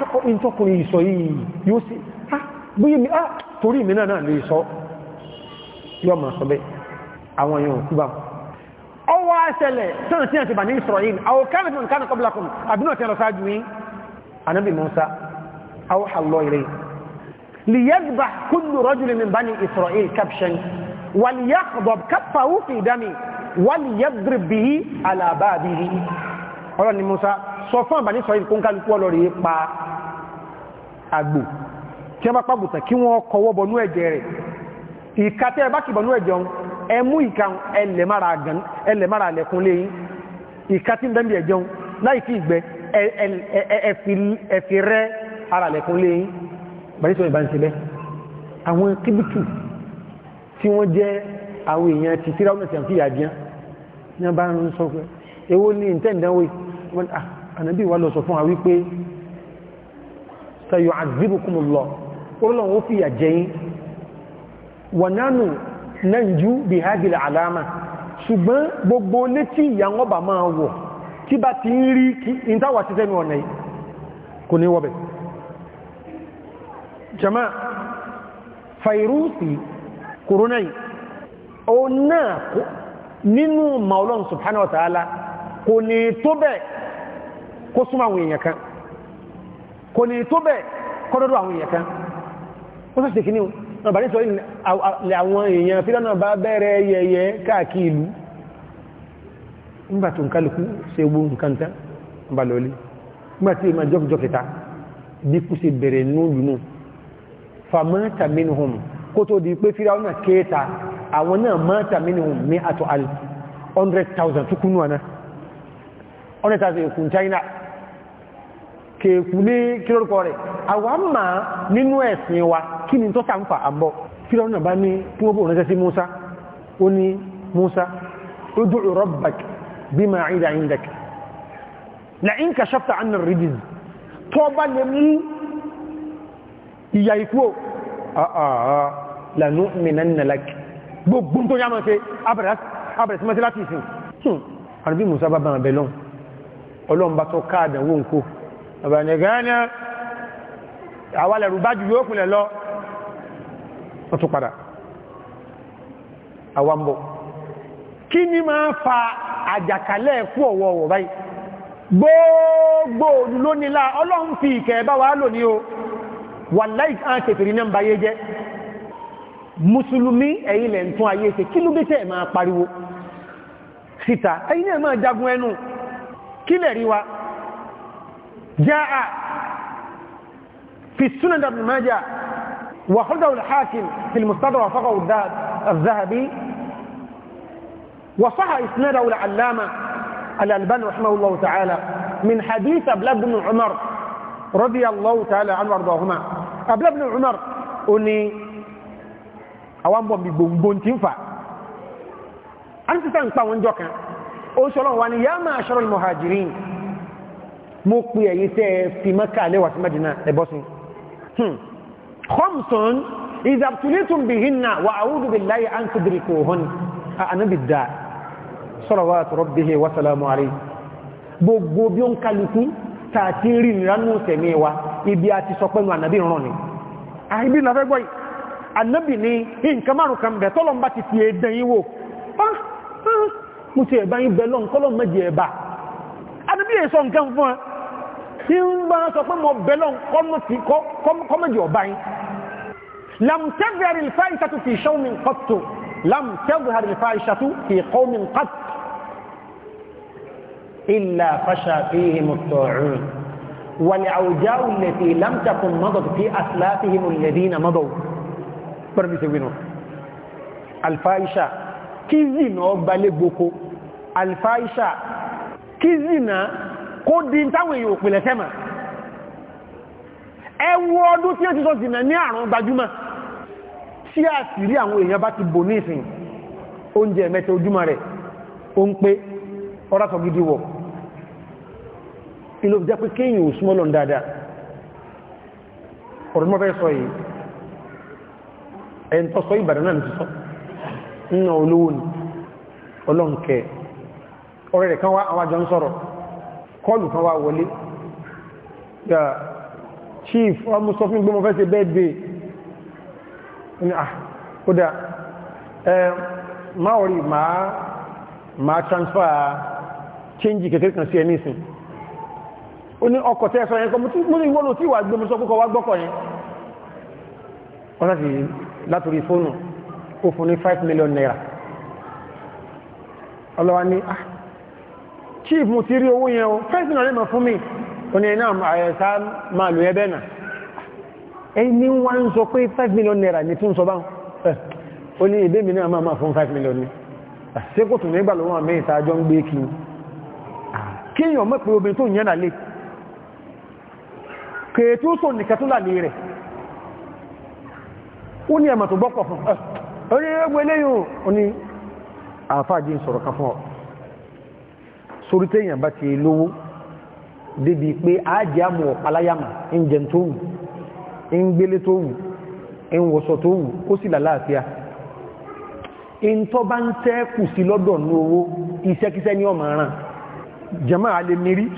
ìtọ́kùnrin ìsọ yìí yóò sí gbíyìí ah torí mi náà lè sọ yọ ma sọ bẹ́ àwọn èèyàn kú bá ọwọ́ àṣẹlẹ̀ tán tí a ti bà ní Israel àwọn kánàkùn kánàkùn kọblákùn àbínú ọ̀tẹ́ lọ́sáájú yìí anábì Musa àwọn àlọ́ ilẹ̀ liyadba kullu rajulin min bani Israel kabshan wal yaqdab kaffahu fi dami wal yadrib bihi ala babihi ọlọ́ ni Musa sọ fún àbáni sọ ìkún kálukú ọlọ́rẹ̀ pa àgbò tí wọ́n bá pàgùtà kí wọ́n kọwọ́ bọnú ẹ̀jẹ̀ rẹ̀ ìkàtẹ́ bá kì bọnú ẹ̀jẹ̀ ọ̀hún ẹmú ìkan ẹlẹ̀mára àlẹ̀kún léyìn ìkàtí bẹ́m̀bì ẹ̀jẹ̀ ọ̀hún láì kí ìgbẹ́ ẹ̀fì rẹ́ ara àlẹ̀kún léyìn bàrí sọ ìbá ń ṣe bẹ́ àwọn kíbùtù tí wọ́n jẹ́ àwọn èèyàn ti síráwọ̀n Ah, ànábì wà lọ sọ fún wa wípé sayo azibukumullah ọlọ́run ó fìyà jẹyìn wọ̀nánù nanju bihadil alama ṣùgbọ́n gbogbo létí ìyàwó bà máa wọ̀ tí bá ti ń rí kí ìntàwà ti tẹ́nu ọ̀nà kò ní wọ́bẹ̀ jama fàírúsì kòrónà yìí o náà nínú maulon subhanahu wa ta'ala kò ní tó bẹ́ẹ̀ kó súnmọ́ àwọn èèyàn kan kò ní tó bẹ́ẹ̀ kọ́dọ́dọ́ àwọn èèyàn kan ó sì ṣèkí ní ọ̀bà ní sọ ilẹ̀ àwọn èèyàn fílànà bá bẹ̀rẹ̀ yẹyẹ káàkiri ìlú nígbà tó ń kálukú ṣe gbó nǹkan tán bá lọlé nígbà tí ìmọ̀ jọ́kìjọ́ kẹta bí kú ṣe bẹ̀rẹ̀ núlù nù famata minhum kó tó di pé fíra ọ̀nà kéta àwọn náà mata minhum ní àtọ̀ 100,000 tó kúnnú ọ́nà tàbí èkù China kèèkù ní kílórúkọ rẹ̀ àwọn nínú ẹ̀sìn wa kí ni tó sàǹfà àbọ̀ fílọ́nù náà bá ní kí wọ́n bò Musa ó Musa ud'u rabbak bima 'ida 'indak la in kashafta 'anna ar-rijz tó bá lè mú ìyà ìkú lanu'minanna lak gbogbo tó yá mọ́ sí abẹ̀rẹ̀ sí mọ́sí láti ìsìn hmm. àrùbí Musa bá bá bẹ̀lọ́n ọlọ́mbà tó káàdà wó nkó ọ̀bẹ̀nìgánà àwálẹ̀rù bá jù yóò kùnlẹ̀ lọ wọ́n tún padà àwambọ̀ kí ni máa fa àjàkálẹ̀ fún ọ̀wọ̀ ọ̀wọ̀ báyìí gbogbo lónìlá ọlọ́run fi ìkẹ́ bá wà lónìí o wà láì án tètèrè náà báyé jẹ́ mùsùlùmí ẹ̀yìn lẹ̀ máa jagun ẹnu kílẹ̀ rí جاء jáà fi sunan ibn majah wa في al-hakim fi al-mustadrak wa al وصح إسناده العلامة الألباني رحمه الله تعالى من حديث أبلا بن عمر رضي الله تعالى عنه وارضاهما أبلا بن عمر أني اوامبو بمبون تنفع أنت تنفع وانجوكا ó sọ́lọ́ wa ni yá máa ṣọ́rọ̀ al-muhajirin mo pè ẹ̀yí tẹ́ fi Mákà lẹ́wà sí Mẹ́dínà ẹ̀bọ́sùn hmm. khamsun idha btulitum bihinna wa a'udhu billahi an tudrikuhun ànábìdá salawatu rabbihi wa salamu alayhi gbogbo bí ó ń kálukú tààtí rí nìranú tẹ̀mí wa ibi àti sọpẹ́nu ànábì rán ni àìbí na fẹ́ gbọ́ ànábì ni nǹkan márùn kan bẹ̀ tọ́lọ́mbà ti fi ẹ̀dẹ̀ yíwò ah, ah. mo ti ẹ̀bá yín bẹ̀lọ́n kọ́lọ̀ mẹ́jẹ ẹ̀bá adébí èso nǹkan fún ẹ tí ń bá sọ pé mo bẹ̀lọ́n kọ́mẹ́jẹ ọba yín lamtẹ́gbẹ̀rẹ̀ ìfáìṣàtú fi ṣọ́min kọ́tù lamtẹ́gbẹ̀rẹ̀ ìfáìṣàtú fi qawmin kọ́tù إلا فشى فيهم الطاعون والعوجاء التي لم تكن مضت في أسلافهم الذين مضوا برمي سوينه الفائشة kí zìnà gbalé gboko alfáìṣà kí zìnà kó di táwọn èèyàn òpìlẹ̀ sẹ́mà ẹwọ ọdún tí ó ti sọ zìnà ní àrùn gbajúmọ̀ tí a sì rí àwọn èèyàn bá ti bò ní ìsìn oúnjẹ mẹ́ta ojúmọ́ rẹ̀ ó ń pé ọ́rátọ̀ gidi wọ̀ ilé òjá pé ìbàdàn náà ti sọ Nna olówó ni ọlọ́nkẹ́ ọ̀rẹ́ rẹ̀ kan wá àwájọ ń sọ̀rọ̀ kan wá wọlé ya chief ọmọ sọ fún gbọmọ fẹ́sẹ̀ bẹ́ẹ̀dẹ̀ ní à ah, ó dá ẹ transfer change kan sí ẹ nísìn ó ní ọkọ̀ tẹ́ sọ yẹn kọ tí wà kó fún ní 5 million naira ọlọ́wà ní ah chief mo ti rí owó yẹn o 5 million naira fún mi o ní ẹ̀nà àyẹ̀sá máa lò ẹbẹ́ náà ẹni wá ń sọ pé 5 million naira ní tún sọ bá o ní ìbé mi náà máa fún 5 million ní ṣe kò tún nígbà lọ́wọ́ àmì ìtajọ́ ń gbé kí kíyàn mọ́ pé obìnrin tó yẹn nà lè kèètú sọ nìkẹtúlà lè rẹ̀ ó ní ẹ̀mà tó gbọ́pọ̀ fún orí ẹgbẹ́ lẹ́yìn oní àfáàjí ń sọ̀rọ̀ kan fún ọ sórí bá ti lówó débi pé ájẹ́ àmù ọ̀páláyàmà ń jẹun tó wù ń gbélé tó wù ń tó wù ó sì làláàfíà in tó bá ń tẹ́ kù sí lọ́dọ̀ ní owó iṣẹ́kíṣẹ́ ní ọmọ jẹ́mọ́ alẹ́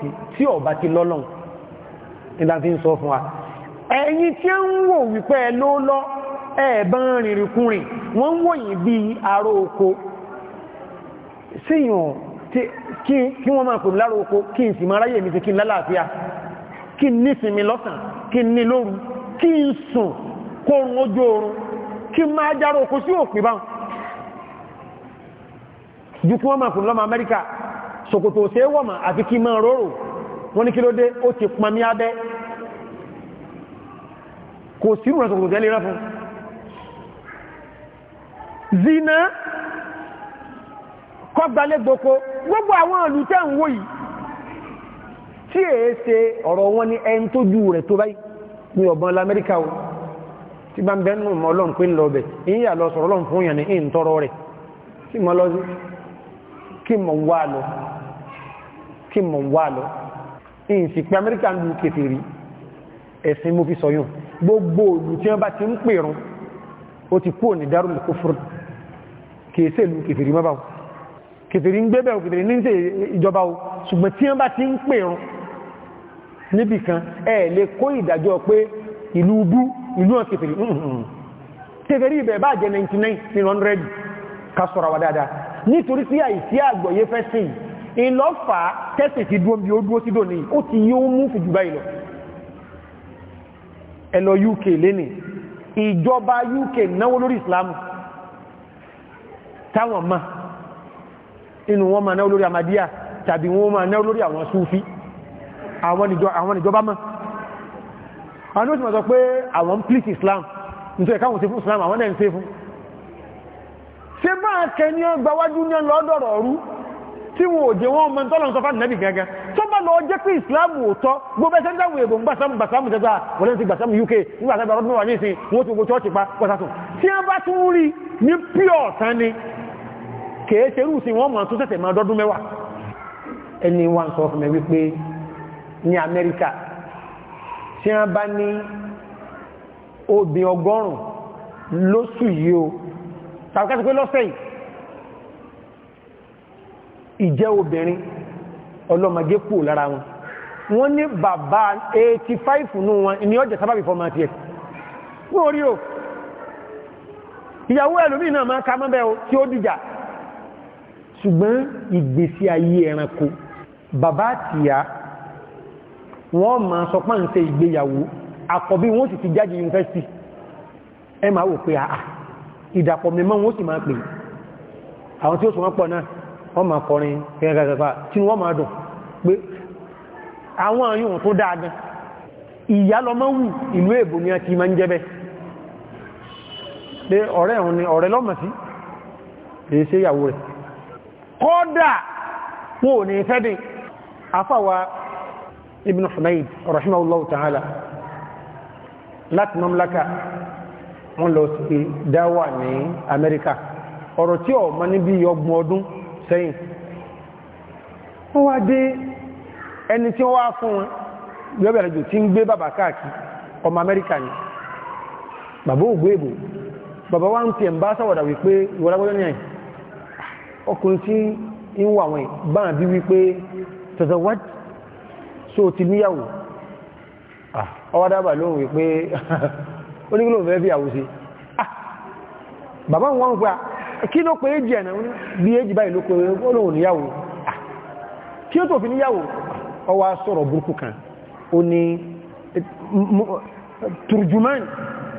ti sí ọba ti lọ́lọ́n ìdáfí ń fún wa tí ń wò ẹ̀ẹ̀bá rìnrìnkúrìn wọ́n ń wòyìn bí aró oko síyàn kí wọ́n máa pè láró oko kí n sì máa ráyè mi ti kí n lálàáfíà kí n nísinmi lọ́sàn kí n ní lóru kí n sùn kórun ojú oorun kí n máa járó oko sí òpin báhùn ju kí wọ́n máa pè lọ́mọ Amẹ́ríkà ṣòkòtò ṣe wọ́mà àti kí máa róró wọ́n ní kí ló dé ó ti pọnmi abẹ́ kò sírù rẹ̀ ṣòkòtò tẹ́lẹ̀ rẹ̀ fún zina kọgbàlégbòkó gbogbo àwọn ìlú tẹ́ ń wò yìí tí èé ṣe ọ̀rọ̀ wọn ni ẹni tó ju rẹ̀ tó báyìí ní ọ̀bọ̀n lamẹ́ríkà o tí bá ń bẹ́ nù mọ́ ọlọ́run pé ń lọ bẹ̀ èyí yà lọ sọ̀rọ̀ ọlọ́run fún yàn ní ìyìn tọrọ rẹ̀ kí mọ́ lọ kí mọ̀ wá lọ kí mọ̀ wá lọ ìyìn sì pé amẹ́ríkà ń lu kèfèrí ẹ̀sìn mo fi sọ yùn gbogbo òlù bá ti ń pèrún ó ti kúrò ní dárúlù kófúrú kèèsè ìlú kèfèrí mọ́bà o kèfèrí ń gbébẹ̀ o kèfèrí ní ṣe ìjọba o ṣùgbọ́n tí wọ́n bá ti ń pèrún níbìkan ẹ̀ lè kó ìdájọ́ pé ìlú ubú ìlú ọ̀ kèfèrí kèfèrí ibẹ̀ bá jẹ́ 99 ní 100 ká sọ̀rọ̀ wà dáadáa nítorí sí àìsí àgbọ̀yé fẹ́ sí ìlọ́fà tẹ́sì ti dúó bí ó dúó sí dòní ó ti yíó mú fi jù báyìí lọ ẹ̀lọ UK lénìí ìjọba UK náwó lórí ìsìlámù táwọn mọ̀ inú wọn máa náwó lórí amadíà tàbí wọn máa náwó lórí àwọn súfí àwọn ìjọba mọ̀ àwọn oṣù mọ̀ pé àwọn ń plìtì islam nítorí káwọn ṣe fún islam àwọn náà ń ṣe fún ṣe máa kẹ ní ọgbàwájú ní ọlọ́dọ̀rọ̀ ọrú tí wọn ò jẹ wọn mọ́ tọ́lọ̀ sọ fánìlẹ́bì gẹ́gẹ́ tó bá lọ jẹ́ pé islam ò tọ́ gbogbo ẹsẹ́ dáwọn èbò gbàsámù gbàsámù jẹta wọlé ti gbàsámù uk nígbàsámù ọdún wà ní ìsìn wọ́n ti gbogbo chọ́ọ̀chì pa pọ́sásùn tí wọ́n bá tún rí ní pure tán ni kèéṣerú sí wọ́n mọ̀ tó tẹ̀tẹ̀ máa dọ́dún mẹ́wàá ẹni wà ń sọ fún mi wípé ní Amẹ́ríkà tí wọ́n bá ní obìn ọgọ́rùn lóṣù yìí o tàbí pé lọ́sẹ̀ yìí ìjẹ́ obìnrin ọlọ́màgé kù lára wọn wọ́n ní bàbá 85 nù wọn ni ọjẹ́ sábàbí fọ́mà tí ẹ̀ wọ́n rí o ìyàwó ẹlòmí náà máa ká mọ́bẹ̀ tí ó dìjà ṣùgbọ́n ìgbésí ayé ẹranko bàbá àtìyà wọ́n ma sọ pá ń ṣe ìgbéyàwó àkọ́bí wọ́n sì ti jáde yunifásitì ẹ máa wò pé àà ìdàpọ̀ mẹ́mọ́ wọ́n sì máa pè àwọn tí ó sọ wọ́n pọ̀ náà wọ́n máa kọrin gẹ́gẹ́gẹ́gẹ́ tí wọ́n máa dùn pé àwọn àyùn tó dáadáa ìyá lọ máa wù ìlú èbò ní àti máa ń jẹ́bẹ́ pé ọ̀rẹ́ ọ̀rẹ́ lọ́mọ̀ sí lè ṣe ìyàwó rẹ̀ kọ́dà wọn ò fẹ́ dé afáwa ibn Humayd rahimahullahu ta'ala láti mamlaka wọ́n lọ sí dáwà ní Amẹ́ríkà ọ̀rọ̀ tí ọ ma níbi ọgbọ̀n ọdún sẹ́yìn wọ́n wá dé ẹni tí wọ́n wá fún gbẹ́bẹ̀rẹ̀ jù tí ni bàbá ògbé ìbò bàbá wá ń tiẹ̀ ń bá sáwọ̀dà ọkùnrin tí ń wà wọn báyà bí wípé tazawwaj so ti níyàwó ọwádábà lóhun wípé onígbìlò fẹ́ bí àwúsí bàbá wọn gbà kí ló pé èjì ẹ̀nà bí èjì báyìí ló pé olóhun níyàwó kí ó tó fi níyàwó ọwá sọ̀rọ̀ burúkú kan ó ní turjuman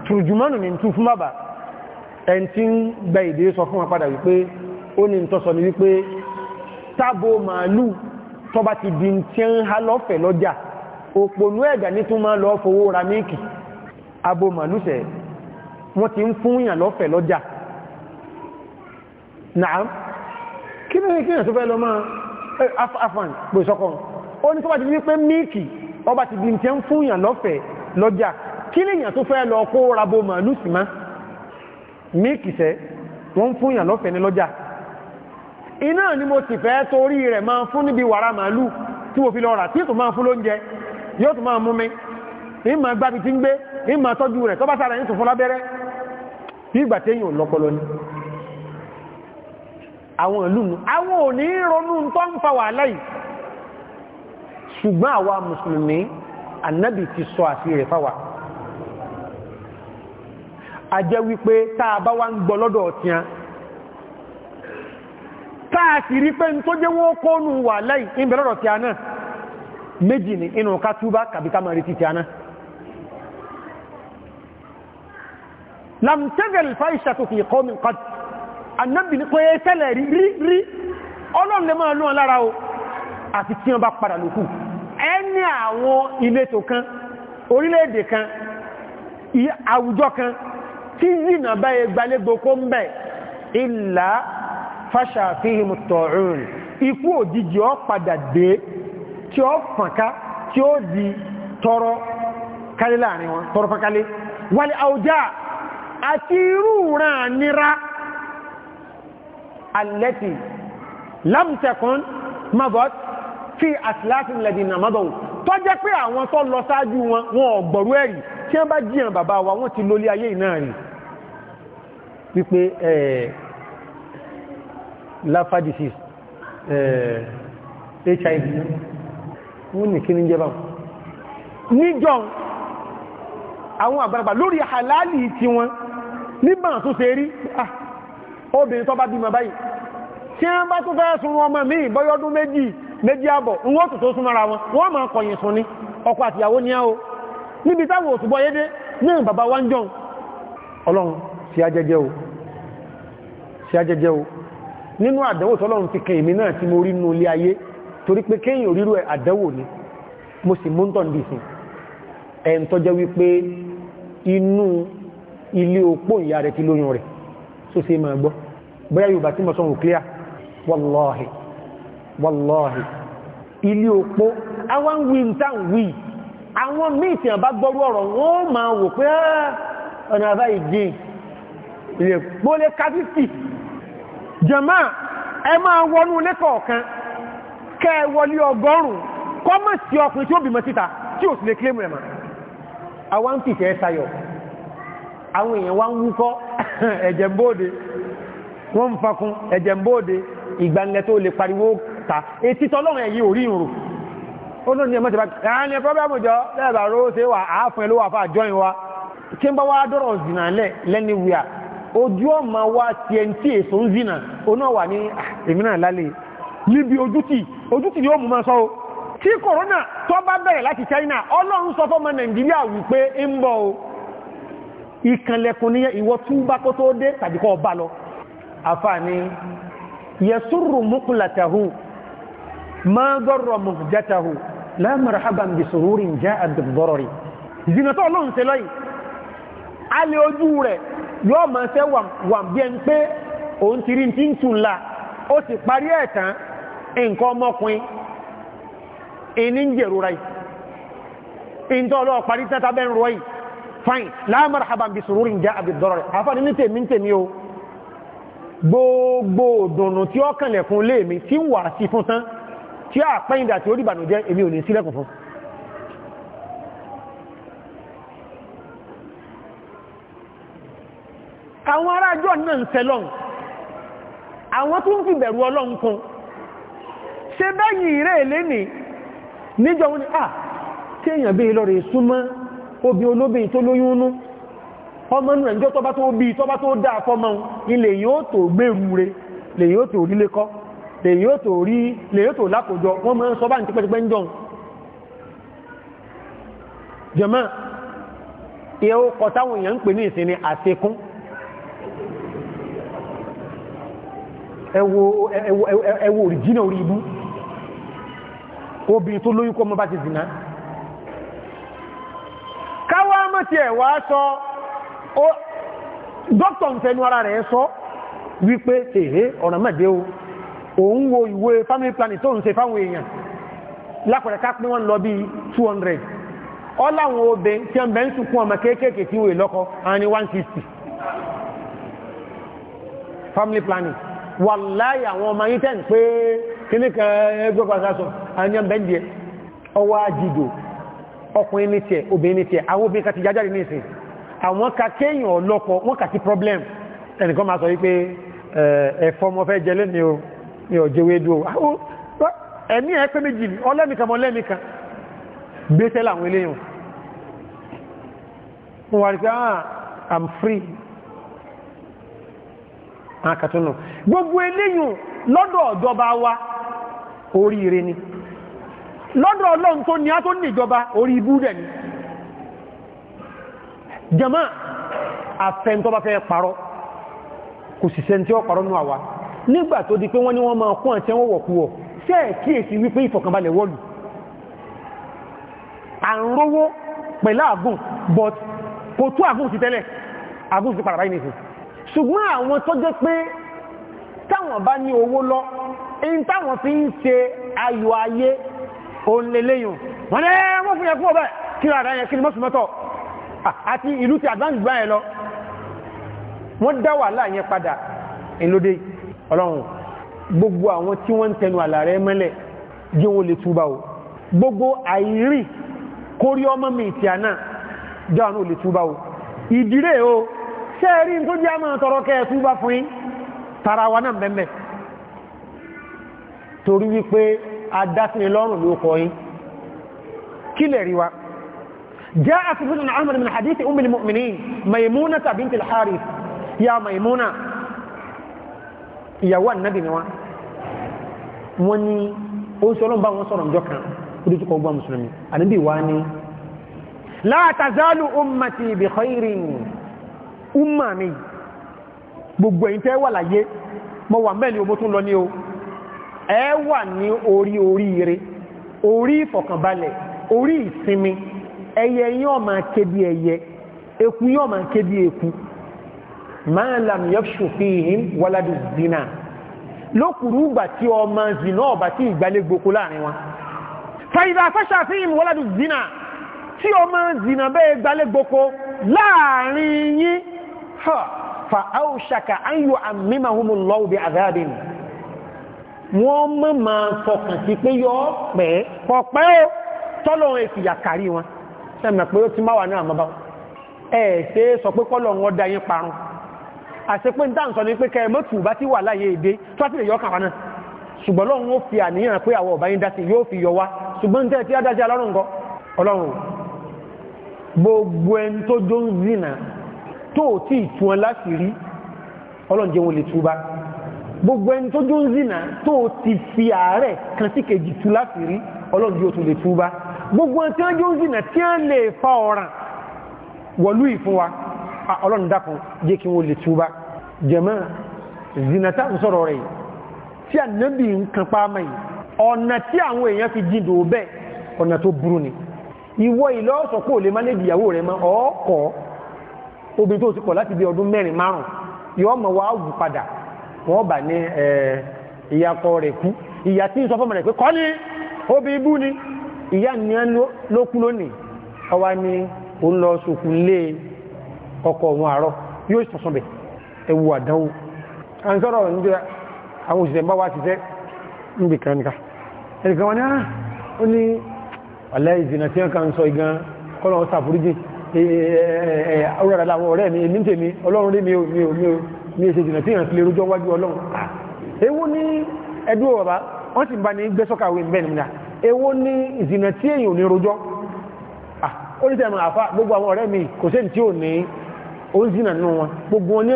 turjuman ni tún fún bàbá ẹni tí ń gba ìdí sọ fún wọn padà wípé ó ní tọ́sọ ni wípé tábò màálù tó bá ti di tí ń ha lọ́fẹ̀ lọ́jà òpònú ẹ̀gà ní tún máa lọ fowó ra míìkì abo màálù sẹ̀ wọ́n ti ń fún yàn lọ́fẹ̀ lọ́jà náà kí ní afan pè sọ́kọ̀ ó ní tó ti di ti di tí ń fún yàn lọ́fẹ̀ lọ́jà kí ní yàn tó fẹ́ lọ kó rabo màálù iná ni mo ti fẹ́ torí rẹ̀ máa fún níbi wàrà màálù tí mo fi lọ rà tí tó máa fún lóúnjẹ yóò tó máa mú mi ní ma gbábi tí ń gbé ní ma tọ́jú rẹ̀ tó bá sára ní tó fún lábẹ́rẹ́ bí ìgbà tí èyàn ní àwọn ìlú àwọn ronú tó ń ti sọ àti rẹ̀ a jẹ́ wípé tá a káàkiri pé tó jẹ́ wọ́n kónú wà láì ìbẹ̀rọ̀rọ̀ tí a náà méjì ní inú ká túbá kàbí ká mọ̀rí títí a náà lamtẹ́gẹ̀l fàíṣàtò fi kọ́ mi kọ́ annabi ní pé tẹ́lẹ̀ rí rí ọlọ́run máa lú lára o àti tí wọ́n ìlà fáṣà fíhìmù tọ̀ọ̀rùn ikú òjijì ọ padà dé tí ó fànká tí ó di tọrọ kálé láàrin wọn tọrọ fàkálé wàlẹ̀ àwùjá àti irú ràn nira alẹ́tì lámtẹ̀kún mabot fi àtìláàfin lẹ́dìnà mabot tó jẹ́ pé àwọn tó lọ sáájú wọn wọn ọ̀gbọ̀rú ẹ̀rì tí wọ́n bá jíyàn bàbá wa wọ́n ti lólé ayé ìnáà rí wípé ẹ̀ẹ́ lafa disease eh, hiv wọ́n ní kí ní jẹ́ báwọn níjọ àwọn àgbàlagbà lórí àhàlálì tí wọn nígbà tó ṣe rí ah, obìnrin tó bá bímọ báyìí tí wọ́n bá tó fẹ́ sun ọmọ mi bọ́yọ́dún méjì méjì àbọ̀ wọ́n tó tó súnmọ́ra wọn wọ́n máa kọ̀yìn sun ní ọkọ àtìyàwó ní ẹ́ o níbi táwọn òṣùgbọ́ nínú àdánwò tọ́lọ́run fi kẹ ìmì náà tí mo rí nínú ilé ayé torí pé kéyìn orírò ẹ̀ àdánwò ni mo sì mú tọ́ ndìsì ẹ̀n tó jẹ́ wípé inú ilé opó ìyá rẹ̀ ti lóyún rẹ̀ so se ma gbọ́ bóyá yorùbá tí mo sọ clear wallahi wallahi ilé opó àwọn wí ń tàn wí àwọn míì tí àbá gbọ́rú ọ̀rọ̀ wọ́n jama ẹ máa wọnú lẹ́kọ̀ọ̀kan kẹ wọlé ọgọ́rùn kọ́mọ̀ sí ọkùnrin tí ó bímọ síta tí ó sì lè kílé mẹ́rẹ̀mà àwọn ń fìfẹ́ sayọ̀ àwọn èèyàn wá ń wúkọ́ ẹ̀jẹ̀ wọ́n ń fakún tó lè pariwo ta etí tọ́lọ́run ẹ̀yí ojú ọmọ wa ti ẹn tí èso ń zina oná wà ní ìmìnà ah, lálẹ́ níbi ojútì ojútì ni ó mú ma sọ tí kòrónà tó bá bẹ̀rẹ̀ láti China ọlọ́run sọ fọ́mọ Nàìjíríà wípé ń bọ̀ o ìkànlẹ̀kùn ní ìwọ túbá kó tó dé tàbí kọ́ bá lọ àfáàní yẹsùrù múkùlátàhù ma gọ́rọ̀ mọ̀játàhù lámàráhàbàn bí sùúrù yóò máa ṣe wàm bí ẹni pé òun ti rí ti ń tún la ó sì parí ẹ̀ tán nǹkan ọmọkùnrin ìní ń jèrora yìí ìntọ́ ọlọ́ọ̀ parí tẹ́ta bẹ́ ń rọ yìí fine la marhaban bí sùúrù ń já àbí dọ́rọ̀ rẹ̀ àfáàní ní tèmi ń tèmi o gbogbo òdùnnù tí ó kànlẹ̀kùn lé mi tí ń wà sí fún tán tí àpẹ́yìndà tí ó dìbànújẹ́ èmi ò ní sílẹ̀kùn fún àjọ náà ń sẹlọ́n àwọn tó ń fi bẹ̀rù ọlọ́run kan ṣe bẹ́yìn ìrẹ́ èlé nì níjọ wọn ni à tí èyàn bí lọ́rẹ̀ súnmọ́ obì olóbìn tó lóyún nú ọmọ nù ẹ̀njọ́ tọ́bá tó bí tọ́bá tó dá fọ́mọ́ ilẹ̀ yóò tó gbèrú re lè yóò tó rí lékọ́ lè yóò tó rí lè yóò tó lákòjọ wọ́n mọ́ sọ ní tipẹ́tipẹ́ ń jọun jẹ́mọ́ ìyẹ́ ó táwọn èèyàn ń pè ní ìsinmi àsekún ẹwọ òrìjínà orí ibú obìnrin tó lóyún kọ́ mọ́ bá ti zìnà mọ́tí sọ dókítọ̀ ń ara rẹ̀ sọ wípé èhé ọ̀nà mẹ́dẹ́ o òun wo ìwé family planning tó ń ṣe fáwọn èèyàn lápẹ̀rẹ̀ ká pín wọ́n lọ bí 200 ọláwọn obè tí a bẹ̀ ń sùkún ọmọ kéékèèké tí wọ́n lọ́kọ 160 family planning wàláyé àwọn ọmọ yìí tẹ́ ń pé kíníkà ẹgbẹ́ pàṣásọ àyàn bẹ́ndì ẹ ọwọ́ àjìdò ọkùnrin ní tiẹ̀ obìnrin ní tiẹ̀ àwọn obìnrin kàti jájáde ní ìsìn àwọn kàkéyàn ọlọ́pọ̀ wọ́n kàti problem ẹnìkan máa sọ wípé ẹ̀fọ́ mọ́ fẹ́ jẹ lẹ́ni o ní ọjọ́ wédú ẹ̀mí ẹ̀ pé méjì ọlẹ́mìkan mọ́ lẹ́mìkan gbéṣẹ́ làwọn eléyàn wọ́n wà ní pé ah i'm free àkàtúnù gbogbo eléyìn lọ́dọ̀ ọ̀jọba wa oríire ni lọ́dọ̀ ọlọ́run tó ní a tó ní ìjọba orí ibú rẹ̀ ni jama àfẹ́ntọ́bá fẹ́ parọ́ kò sì sẹ́ tí ó parọ́ ní àwa nígbà tó di pé wọ́n ní wọ́n máa kún àti ẹwọ́ wọ̀kúwọ̀ sẹ́ kíyèsí wípé ìfọ̀kànbalẹ̀ wọ́lù à ń rówó pẹ̀lú nìsìn ṣùgbọ́n àwọn tó jẹ́ pé táwọn bá ní owó lọ in táwọn fi ń ṣe ayò ayé òǹlẹ̀lẹ́yìn wọ́n lẹ́ eh, wọ́n fún ẹkùn ọ̀bẹ̀ kí rárá yẹn kí ni mọ́sùn mọ́tọ̀ ah, àti ìlú ti advantage gbá ẹ lọ wọ́n dá wàhálà yẹn padà ìlódé ọlọ́run gbogbo ìdíré o ṣe rí tó jẹ́ àmà tọrọ kẹ́ ẹ̀tú bá fún yín tara wa náà bẹ́ẹ̀ torí wípé adásílẹ̀ lọ́rùn ló kọ yín kí lè rí wa jẹ́ àfihàn ní ahmed bin hadith umar mu'minin maimuna tàbí til harith ya maimuna ìyàwó annabi ni wa wọ́n ní ó ń sọ́lọ́ ummati bi khairin umma mi gbogbo ẹ̀yin tẹ́ wà láyé mọ́ wà mẹ́lì omo tún lọ ní o ẹ wà ní orí oríire orí ìfọ̀kànbalẹ̀ orí ìsinmi ẹyẹ yíò ma kébi ẹyẹ eku yíò ma kébi eku ma lam yafshu fihim waladu zina lókùrú gbà tí ma zina ọba tí ìgbàlẹ̀ gboko láàrin wọn fa idha fasha fihim waladu zina tí ọmọ zina bẹ́ẹ̀ gbàlẹ̀ gboko láàrin yín ha fa áwùsàkà ayò àmìmàhùmùlọ́wù bí àdáàbìn wọ́n mọ́ ma fọkàn sí pé yọ pẹ́ pọ̀pẹ́ ó tọ́lọ̀ ìfìyà kàrí wọn sẹ́mẹ̀ pé ó ti máwà ní àmọ́bá ẹ̀ ṣe é sọ pé kọ́lọ̀ wọn dá yín parun àti pé dáhùn sọ ní pé kẹ́ mọ́tù bá ti wà láyé èdè tó àti lè yọ kàwá náà ṣùgbọ́n lọ́run ó fi àníyàn pé àwọn ọ̀bá yín dá yóò fi yọ wá ṣùgbọ́n tẹ́ ti á dá ọlọ́run gbọ́ ọlọ́run gbogbo ẹni tó jó ń zìnà tó tí ìtù wọn láti rí ọlọ́njẹ́ wọn lè túbá gbogbo ẹni tó jó ń zìnà tó ti fi àárẹ̀ kan sí kejì tú láti rí ọlọ́njẹ́ wọn tún lè túbá gbogbo ẹni tí wọ́n jó ń zìnà tí wọ́n lè fa ọ̀ràn wọ̀lú ìfún wa ọlọ́run dákun jẹ́ kí wọ́n lè túbá jẹ̀mọ́ zìnà tá sọ̀rọ̀ rẹ̀ tí ànábì ń kan pa mọ́ yìí ọ̀nà tí àwọn èèyàn fi jìndò bẹ́ẹ̀ ọ̀nà tó burú ni ìwọ ìlọ́ọ̀sọ̀ kó lè má lè dìyàwó rẹ̀ mọ́ ọ̀ọ́kọ̀ọ́ obìnrin tó ti pọ̀ láti bí ọdún mẹ́rin márùn yọ mọ̀ wá wù padà wọ́n bà ní ìyàkọ rẹ̀ kú ìyà tí ń sọ fọ́mọ̀ rẹ̀ pé kọ́ ní obì ibú ni ìyá nìyàn ló kú lónìí ọwá ni ó ń lọ sùkú lé ọkọ òun àárọ̀ yóò sọ̀sọ̀ bẹ̀ ẹwù àdánwò à ń sọ̀rọ̀ níbi àwọn òṣìṣẹ́ bá wá ṣiṣẹ́ níbi kan nìkan ẹnìkan wọn ni ah, ó ní ọ̀lẹ́ ìzìnà tí wọ́n kàn ń sọ ìgan kọ́lọ̀ sàfúrújì ọ̀rọ̀ àwọn ọ̀rẹ́ mi ní tèmi ọlọ́run rí mi ò mi mi jìnà tí ìrìnàtí lè rújọ wájú ọlọ́run ewu ní ẹdú ọ̀bá wọ́n ti bá ní ewu ní ìjìnà tí èyàn ní rújọ ó ní àfá gbogbo àwọn ọ̀rẹ́ mi kò tí ò gbogbo wọn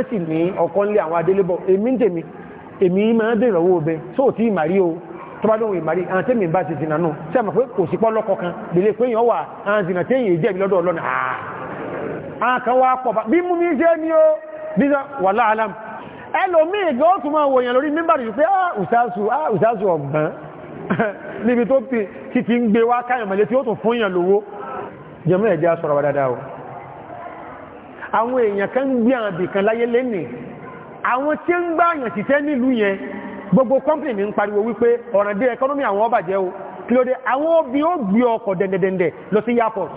ní ní tọ́bádọ́wò ìmàrí àwọn tẹ́mì bá ti zìnà náà tí a mọ̀ pé kò sí pọ́lọ́kọ̀ kan bèèrè pé èèyàn wà àwọn zìnà tí èèyàn jẹ́bi lọ́dọ̀ ọlọ́nà ah! àwọn kan wá pọ̀ bí mú ní jẹ́ ní ó nígbà wà láàlám ẹlòmíì gan ó túnmọ̀ wò yàn lórí mímbàrí pé ah ùsásù ah, ọ̀gbọ́n níbi tó ti ti ń gbé wá káyàn mọ̀lẹ́ tí ó tún fún yàn lówó jẹmọ́ ẹ̀jẹ́ sọ̀rọ̀ dáadáa o àwọn èèyàn kan gbé àbìkan láyé lẹ́nìí àwọn tí ń gbáyàn ṣiṣẹ́ nílùú yẹn gbogbo company mi ń pariwo wípé ọ̀ràn dé economy àwọn ọbàjẹ́ o kí ló dé àwọn obi ó gbé ọkọ̀ dẹ̀ndẹ̀dẹ̀ndẹ̀ lọ sí airport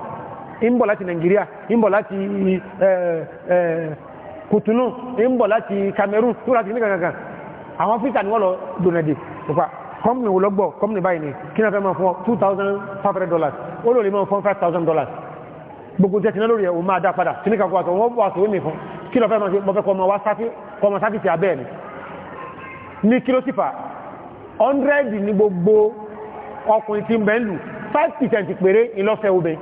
ń bọ̀ láti Nàìjíríà ń bọ̀ láti Kùtùnú ń bọ̀ láti Cameroon ni wọ́n lọ donade pupa company wo lọ́gbọ̀ company báyìí two thousand five hundred dollars ó lò lè thousand dollars gbogbo jẹ́ tiná lórí ẹ̀ o máa dá padà tí ní kankan wọ́n wà tó ní fún kí lọ fẹ́ máa ṣe mọ́fẹ́ kọ́ ọmọ wá sáfí kọ́ abẹ́ ni ní kí ló sì fà 100 ní gbogbo ọkùnrin tí ń bẹ̀ ń lù 5% péré ìlọ́fẹ́ obẹ̀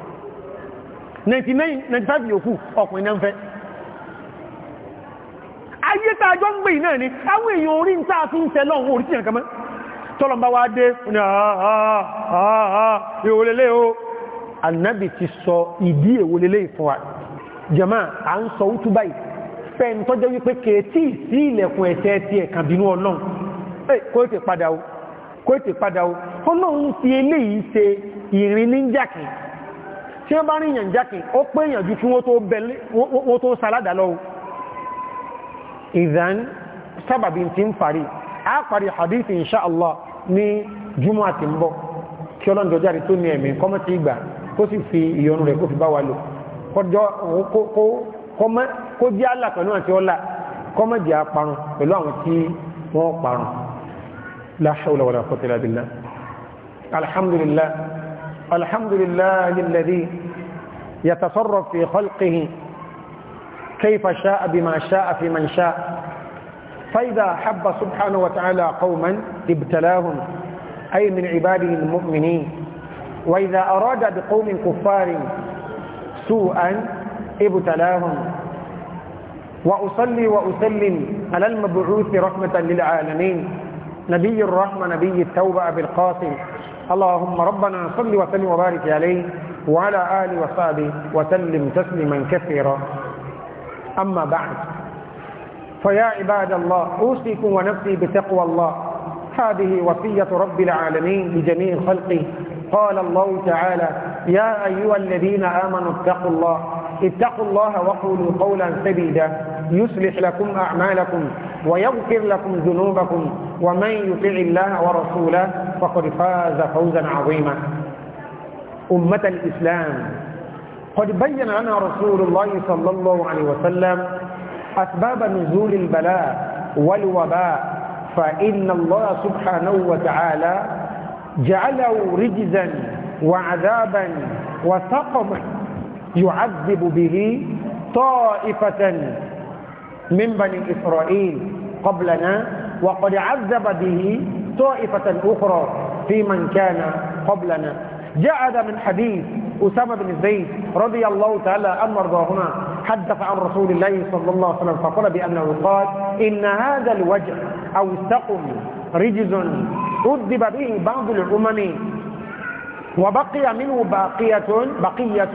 99 95 yòókù ọkùnrin náà ń fẹ́ ayé tààjọ́ ń gbé ìná ni àwọn èèyàn orí ń tàà fi ń tẹ lọ́wọ́ orí tíyàn kamẹ́ tọ́lọ̀ bá wá dé ní ìwòlélé o annabi ti sọ ìdí ìwòlélé fún wa jama à ń sọ útúbáyìí fẹ́ ń tọ́jọ́ wípé kèétí sí ilẹ̀kùn ẹ̀ṣẹ̀ ti ẹ̀kàn bínú ọlọ́run kó o ọlọ́run fi eléyìí ṣe ìrìn ní jákìn tí wọ́n bá rí ìyàn ó pé èèyàn ju wọ́n tó ti ń parí a parí hadith inṣáàlá ní jùmọ́ àti ń kí ọlọ́run tó ní ẹ̀mí kọ́mọ́ kó fi ìyọnu rẹ̀ kó fi bá lò kọjọ́ kó jẹ́ Allah pẹ̀lú àti ọlá kọ́mọ̀dì àparun pẹ̀lú àwọn tí wọ́n parun la hawla wala quwwata illa billah alhamdulillah alhamdulillah alladhi yatasarraf fi khalqihi كيف شاء بما شاء في من شاء فإذا حب سبحانه وتعالى قوما ابتلاهم أي من عباده المؤمنين وإذا أراد بقوم كفار سوءا ابتلاهم وأصلي وأسلم على المبعوث رحمة للعالمين نبي الرحمة نبي التوبة أبي القاسم اللهم ربنا صل وسلم وبارك عليه وعلى آله وصحبه وسلم تسليما كثيرا أما بعد فيا عباد الله أوصيكم ونفسي بتقوى الله هذه وصية رب العالمين لجميع خلقه قال الله تعالى يا أيها الذين آمنوا اتقوا الله اتقوا الله وقولوا قولا سديدا يصلح لكم أعمالكم ويغفر لكم ذنوبكم ومن يطع الله ورسوله فقد فاز فوزا عظيما أمة الإسلام قد بين لنا رسول الله صلى الله عليه وسلم أسباب نزول البلاء والوباء فإن الله سبحانه وتعالى جعله رجزا وعذابا وسقما يعذب به طائفة من بني إسرائيل قبلنا وقد عذب به طائفة أخرى في من كان قبلنا جاء هذا من حديث أسامة بن زيد رضي الله تعالى عنه وارضاهما حدث عن رسول الله صلى الله عليه وسلم فقال بأنه قال إن هذا الوجه أو السقم رجز عذب به بعض الأمم وبقي منه باقية بقية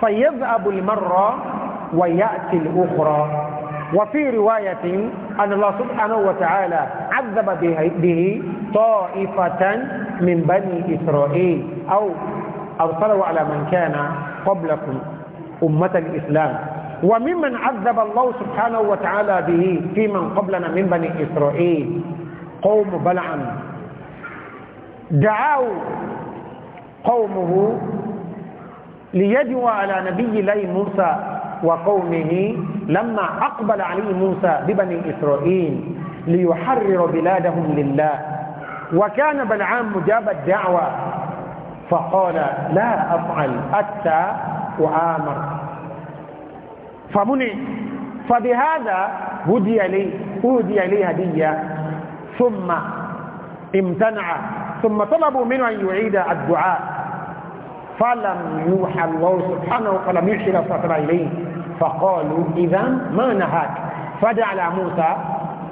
فيذهب المرة ويأتي الأخرى وفي رواية أن الله سبحانه وتعالى عذب به طائفة من بني إسرائيل أو أرسله على من كان قبلكم أمة الإسلام وممن عذب الله سبحانه وتعالى به في من قبلنا من بني إسرائيل قوم بلعم دعاوا قومه ليجوا على نبي الله موسى وقومه لما أقبل عليه موسى ببني إسرائيل ليحرر بلادهم لله وكان بلعام مجاب الدعوة فقال لا أفعل حتى وآمر فمنع فبهذا هدي لي هدي لي هدية ثم امتنع ثم طلبوا منه أن يعيد الدعاء فلم يوحى الله سبحانه فلم يوحي الله إليه فقالوا إذا ما نهاك فجعل موسى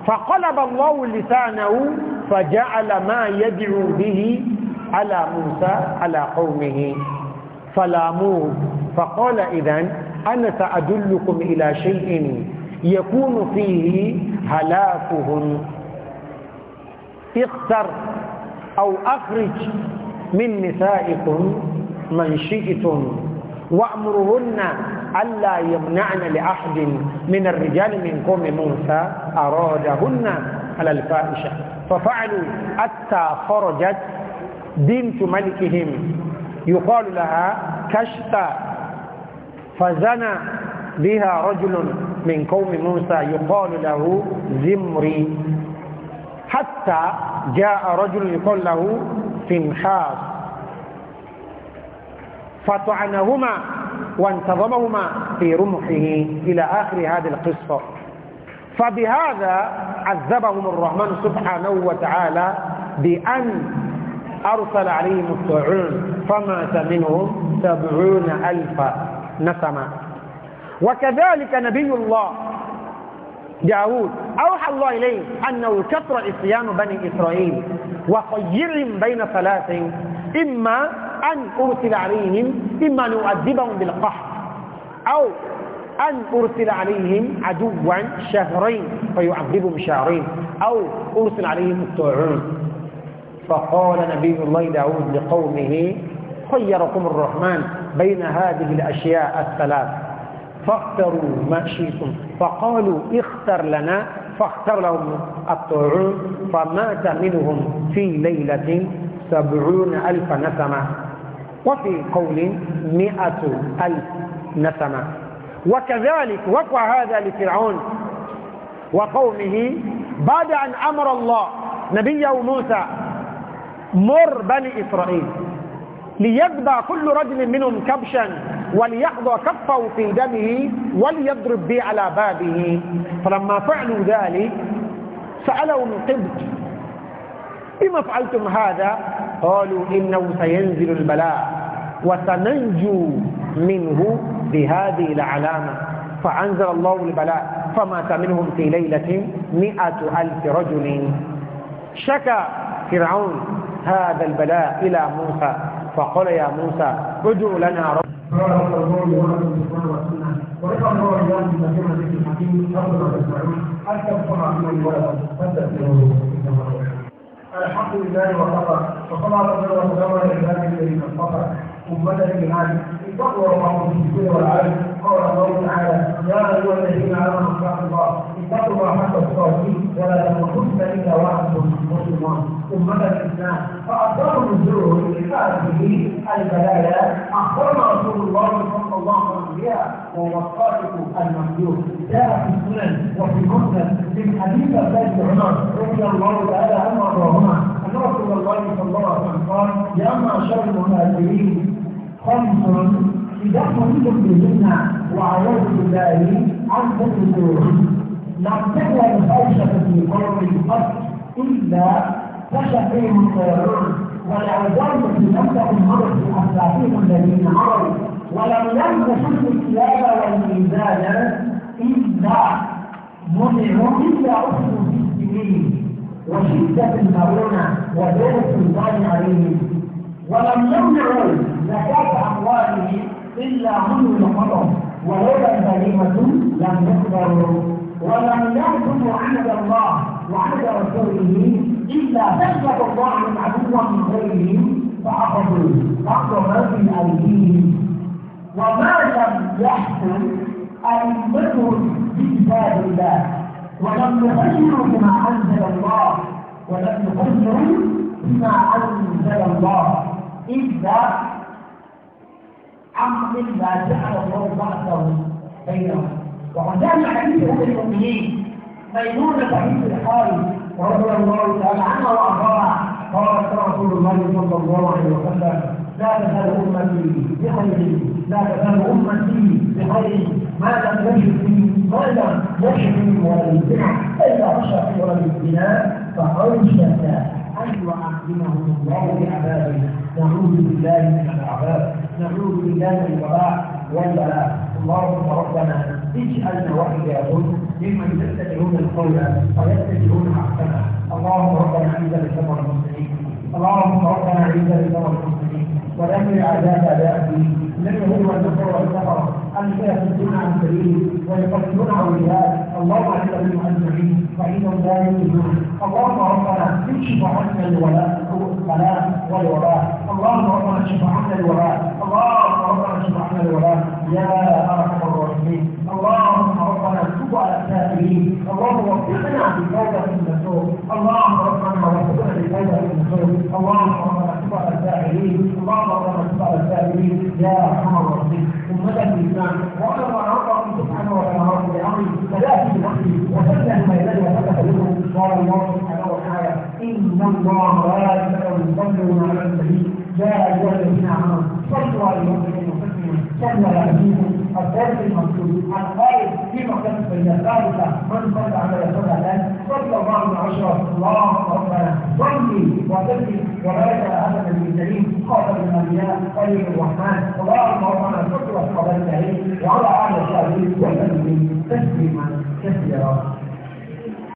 فقلب الله لسانه فجعل ما يدعو به على موسى على قومه فلاموه فقال إذا أنا سأدلكم إلى شيء يكون فيه هلاكهم اختر أو أخرج من نسائكم من شئتم وأمرهن ألا يمنعن لأحد من الرجال من قوم موسى أرادهن على الفاحشة ففعلوا حتى خرجت بنت ملكهم يقال لها كشتا فزنى بها رجل من قوم موسى يقال له زمري حتى جاء رجل يقال له فنحاس فطعنهما وانتظمهما في رمحه إلى آخر هذه القصة فبهذا عذبهم الرحمن سبحانه وتعالى بأن أرسل عليهم الطاعون فمات منهم سبعون ألف نسمة وكذلك نبي الله داود أوحى الله إليه أنه كثر إصيان بني إسرائيل وخيرهم بين ثلاث إما أن أرسل عليهم إما أن يؤذبهم بالقحط أو أن أرسل عليهم عدوا شهرين فيعذبهم شهرين أو أرسل عليهم الطاعون فقال نبي الله داود لقومه خيركم الرحمن بين هذه الأشياء الثلاث فاختروا ما شئتم فقالوا اختر لنا فاختر لهم الطاعون فمات منهم في ليلة سبعون ألف نسمة وفي قول مئة ألف نسمة وكذلك وقع هذا لفرعون وقومه بعد أن أمر الله نبيه موسى مر بني إسرائيل ليذبع كل رجل منهم كبشا وليحظى كفه في دمه وليضرب به على بابه فلما فعلوا ذلك سألوا من قبل فعلتم هذا قالوا إنه سينزل البلاء وسننجو منه بهذه العلامة فأنزل الله البلاء فمات منهم في ليلة مئة ألف رجل شكى فرعون هذا البلاء إلى موسى فقال يا موسى ادعوا لنا رب الحق لله وكفى وصلى ربنا وسلم على عباده الذين اصطفى أمة الجهاد اتقوا ربكم في الدنيا والعالم قال الله تعالى يا أيها الذين آمنوا اتقوا الله اتقوا ما حق تقاته ولا تموتن الا وانتم مسلمون امه الاسلام فاعظم النزول لهذه البلايا اخبرنا رسول الله صلى الله عليه وسلم بها وهو الصادق المخلوق جاء في السنن وفي المسند من حديث سيد عمر رضي الله تعالى عنه وارضاهما ان رسول الله صلى الله عليه وسلم قال يا معشر المهاجرين خمس إذا كنتم بالجنة وعليكم بالله عن تدخلوا لم تكن الفرشة في قرب القصر إلا كشفهم الطيرون والعظام في لم تكن مرت في أسلافهم الذين مروا ولم لم الثياب والميزان إلا منعوا إلا أخذوا في السنين وشدة المرونة ودور السلطان عليهم ولم يمنعوا زكاة أموالهم إلا هم الخطر ولولا البهيمة لم يقدروا ولم يحكموا عهد الله وعهد رسوله الا فجر الله من عدوا من غيرهم فاخذوا اخذ ما في ايديهم وما لم يحكم ائمتهم بكتاب الله ولم يغيروا بما انزل الله ولم يغيروا بما انزل الله الا عم الا جعل الله بعده بينهم وقدام حديث أم المؤمنين ميمونة بنت الحارث رضي الله تعالى عنها وأرضاها قالت رسول الله صلى الله عليه وسلم لا تزال أمتي بخير لا تزال أمتي بخير ما لم يجد في ما لم يجد في ولا يمتنع إلا أشرف ولا يمتنع فأوجد أن يعلمه الله بعذابه نعوذ بالله من العذاب نعوذ بالله من الوباء والبلاء اللهم ربنا اجعلنا واياهم ممن يتبعون القول ويتبعون احسنه اللهم ربنا عز الاسلام المسلمين اللهم ربنا عز الاسلام المسلمين ودمر عذاب دائمين لن يهموا النصر والسفر ان يصدون عن سبيل ويقتلون اولياء اللهم اعز منهم اجمعين فانهم لا يؤمنون اللهم ربنا اشف عنا الولاء والوباء اللهم ربنا اشف عنا الولاء اللهم ربنا اشرح لنا يا ارحم الراحمين اللهم ربنا تب على اللهم وفقنا لتوبه النسوء اللهم ربنا وفقنا لتوبه اللهم ربنا تب على اللهم ربنا تب على يا ارحم الراحمين امه الاسلام وانا ربكم سبحانه وتعالى بامره فلا في نفسي وسلم بيننا وسلم له قال الله سبحانه وتعالى ان الله لا يسال الفضل على النبي يا أيها الذين آمنوا صلوا عليه وسلموا تسليما صلى يهديكم الدرس المطلوب عن قائد في مقدمة بين ذلك من صلى على رسول الله صلى الله عليه وسلم اللهم ربنا صلي وسلم وبارك على هذا النبي الكريم خاتم الأنبياء خليل الرحمن اللهم ربنا صل وسلم عليه وعلى آله وصحبه وسلم تسليما كثيرا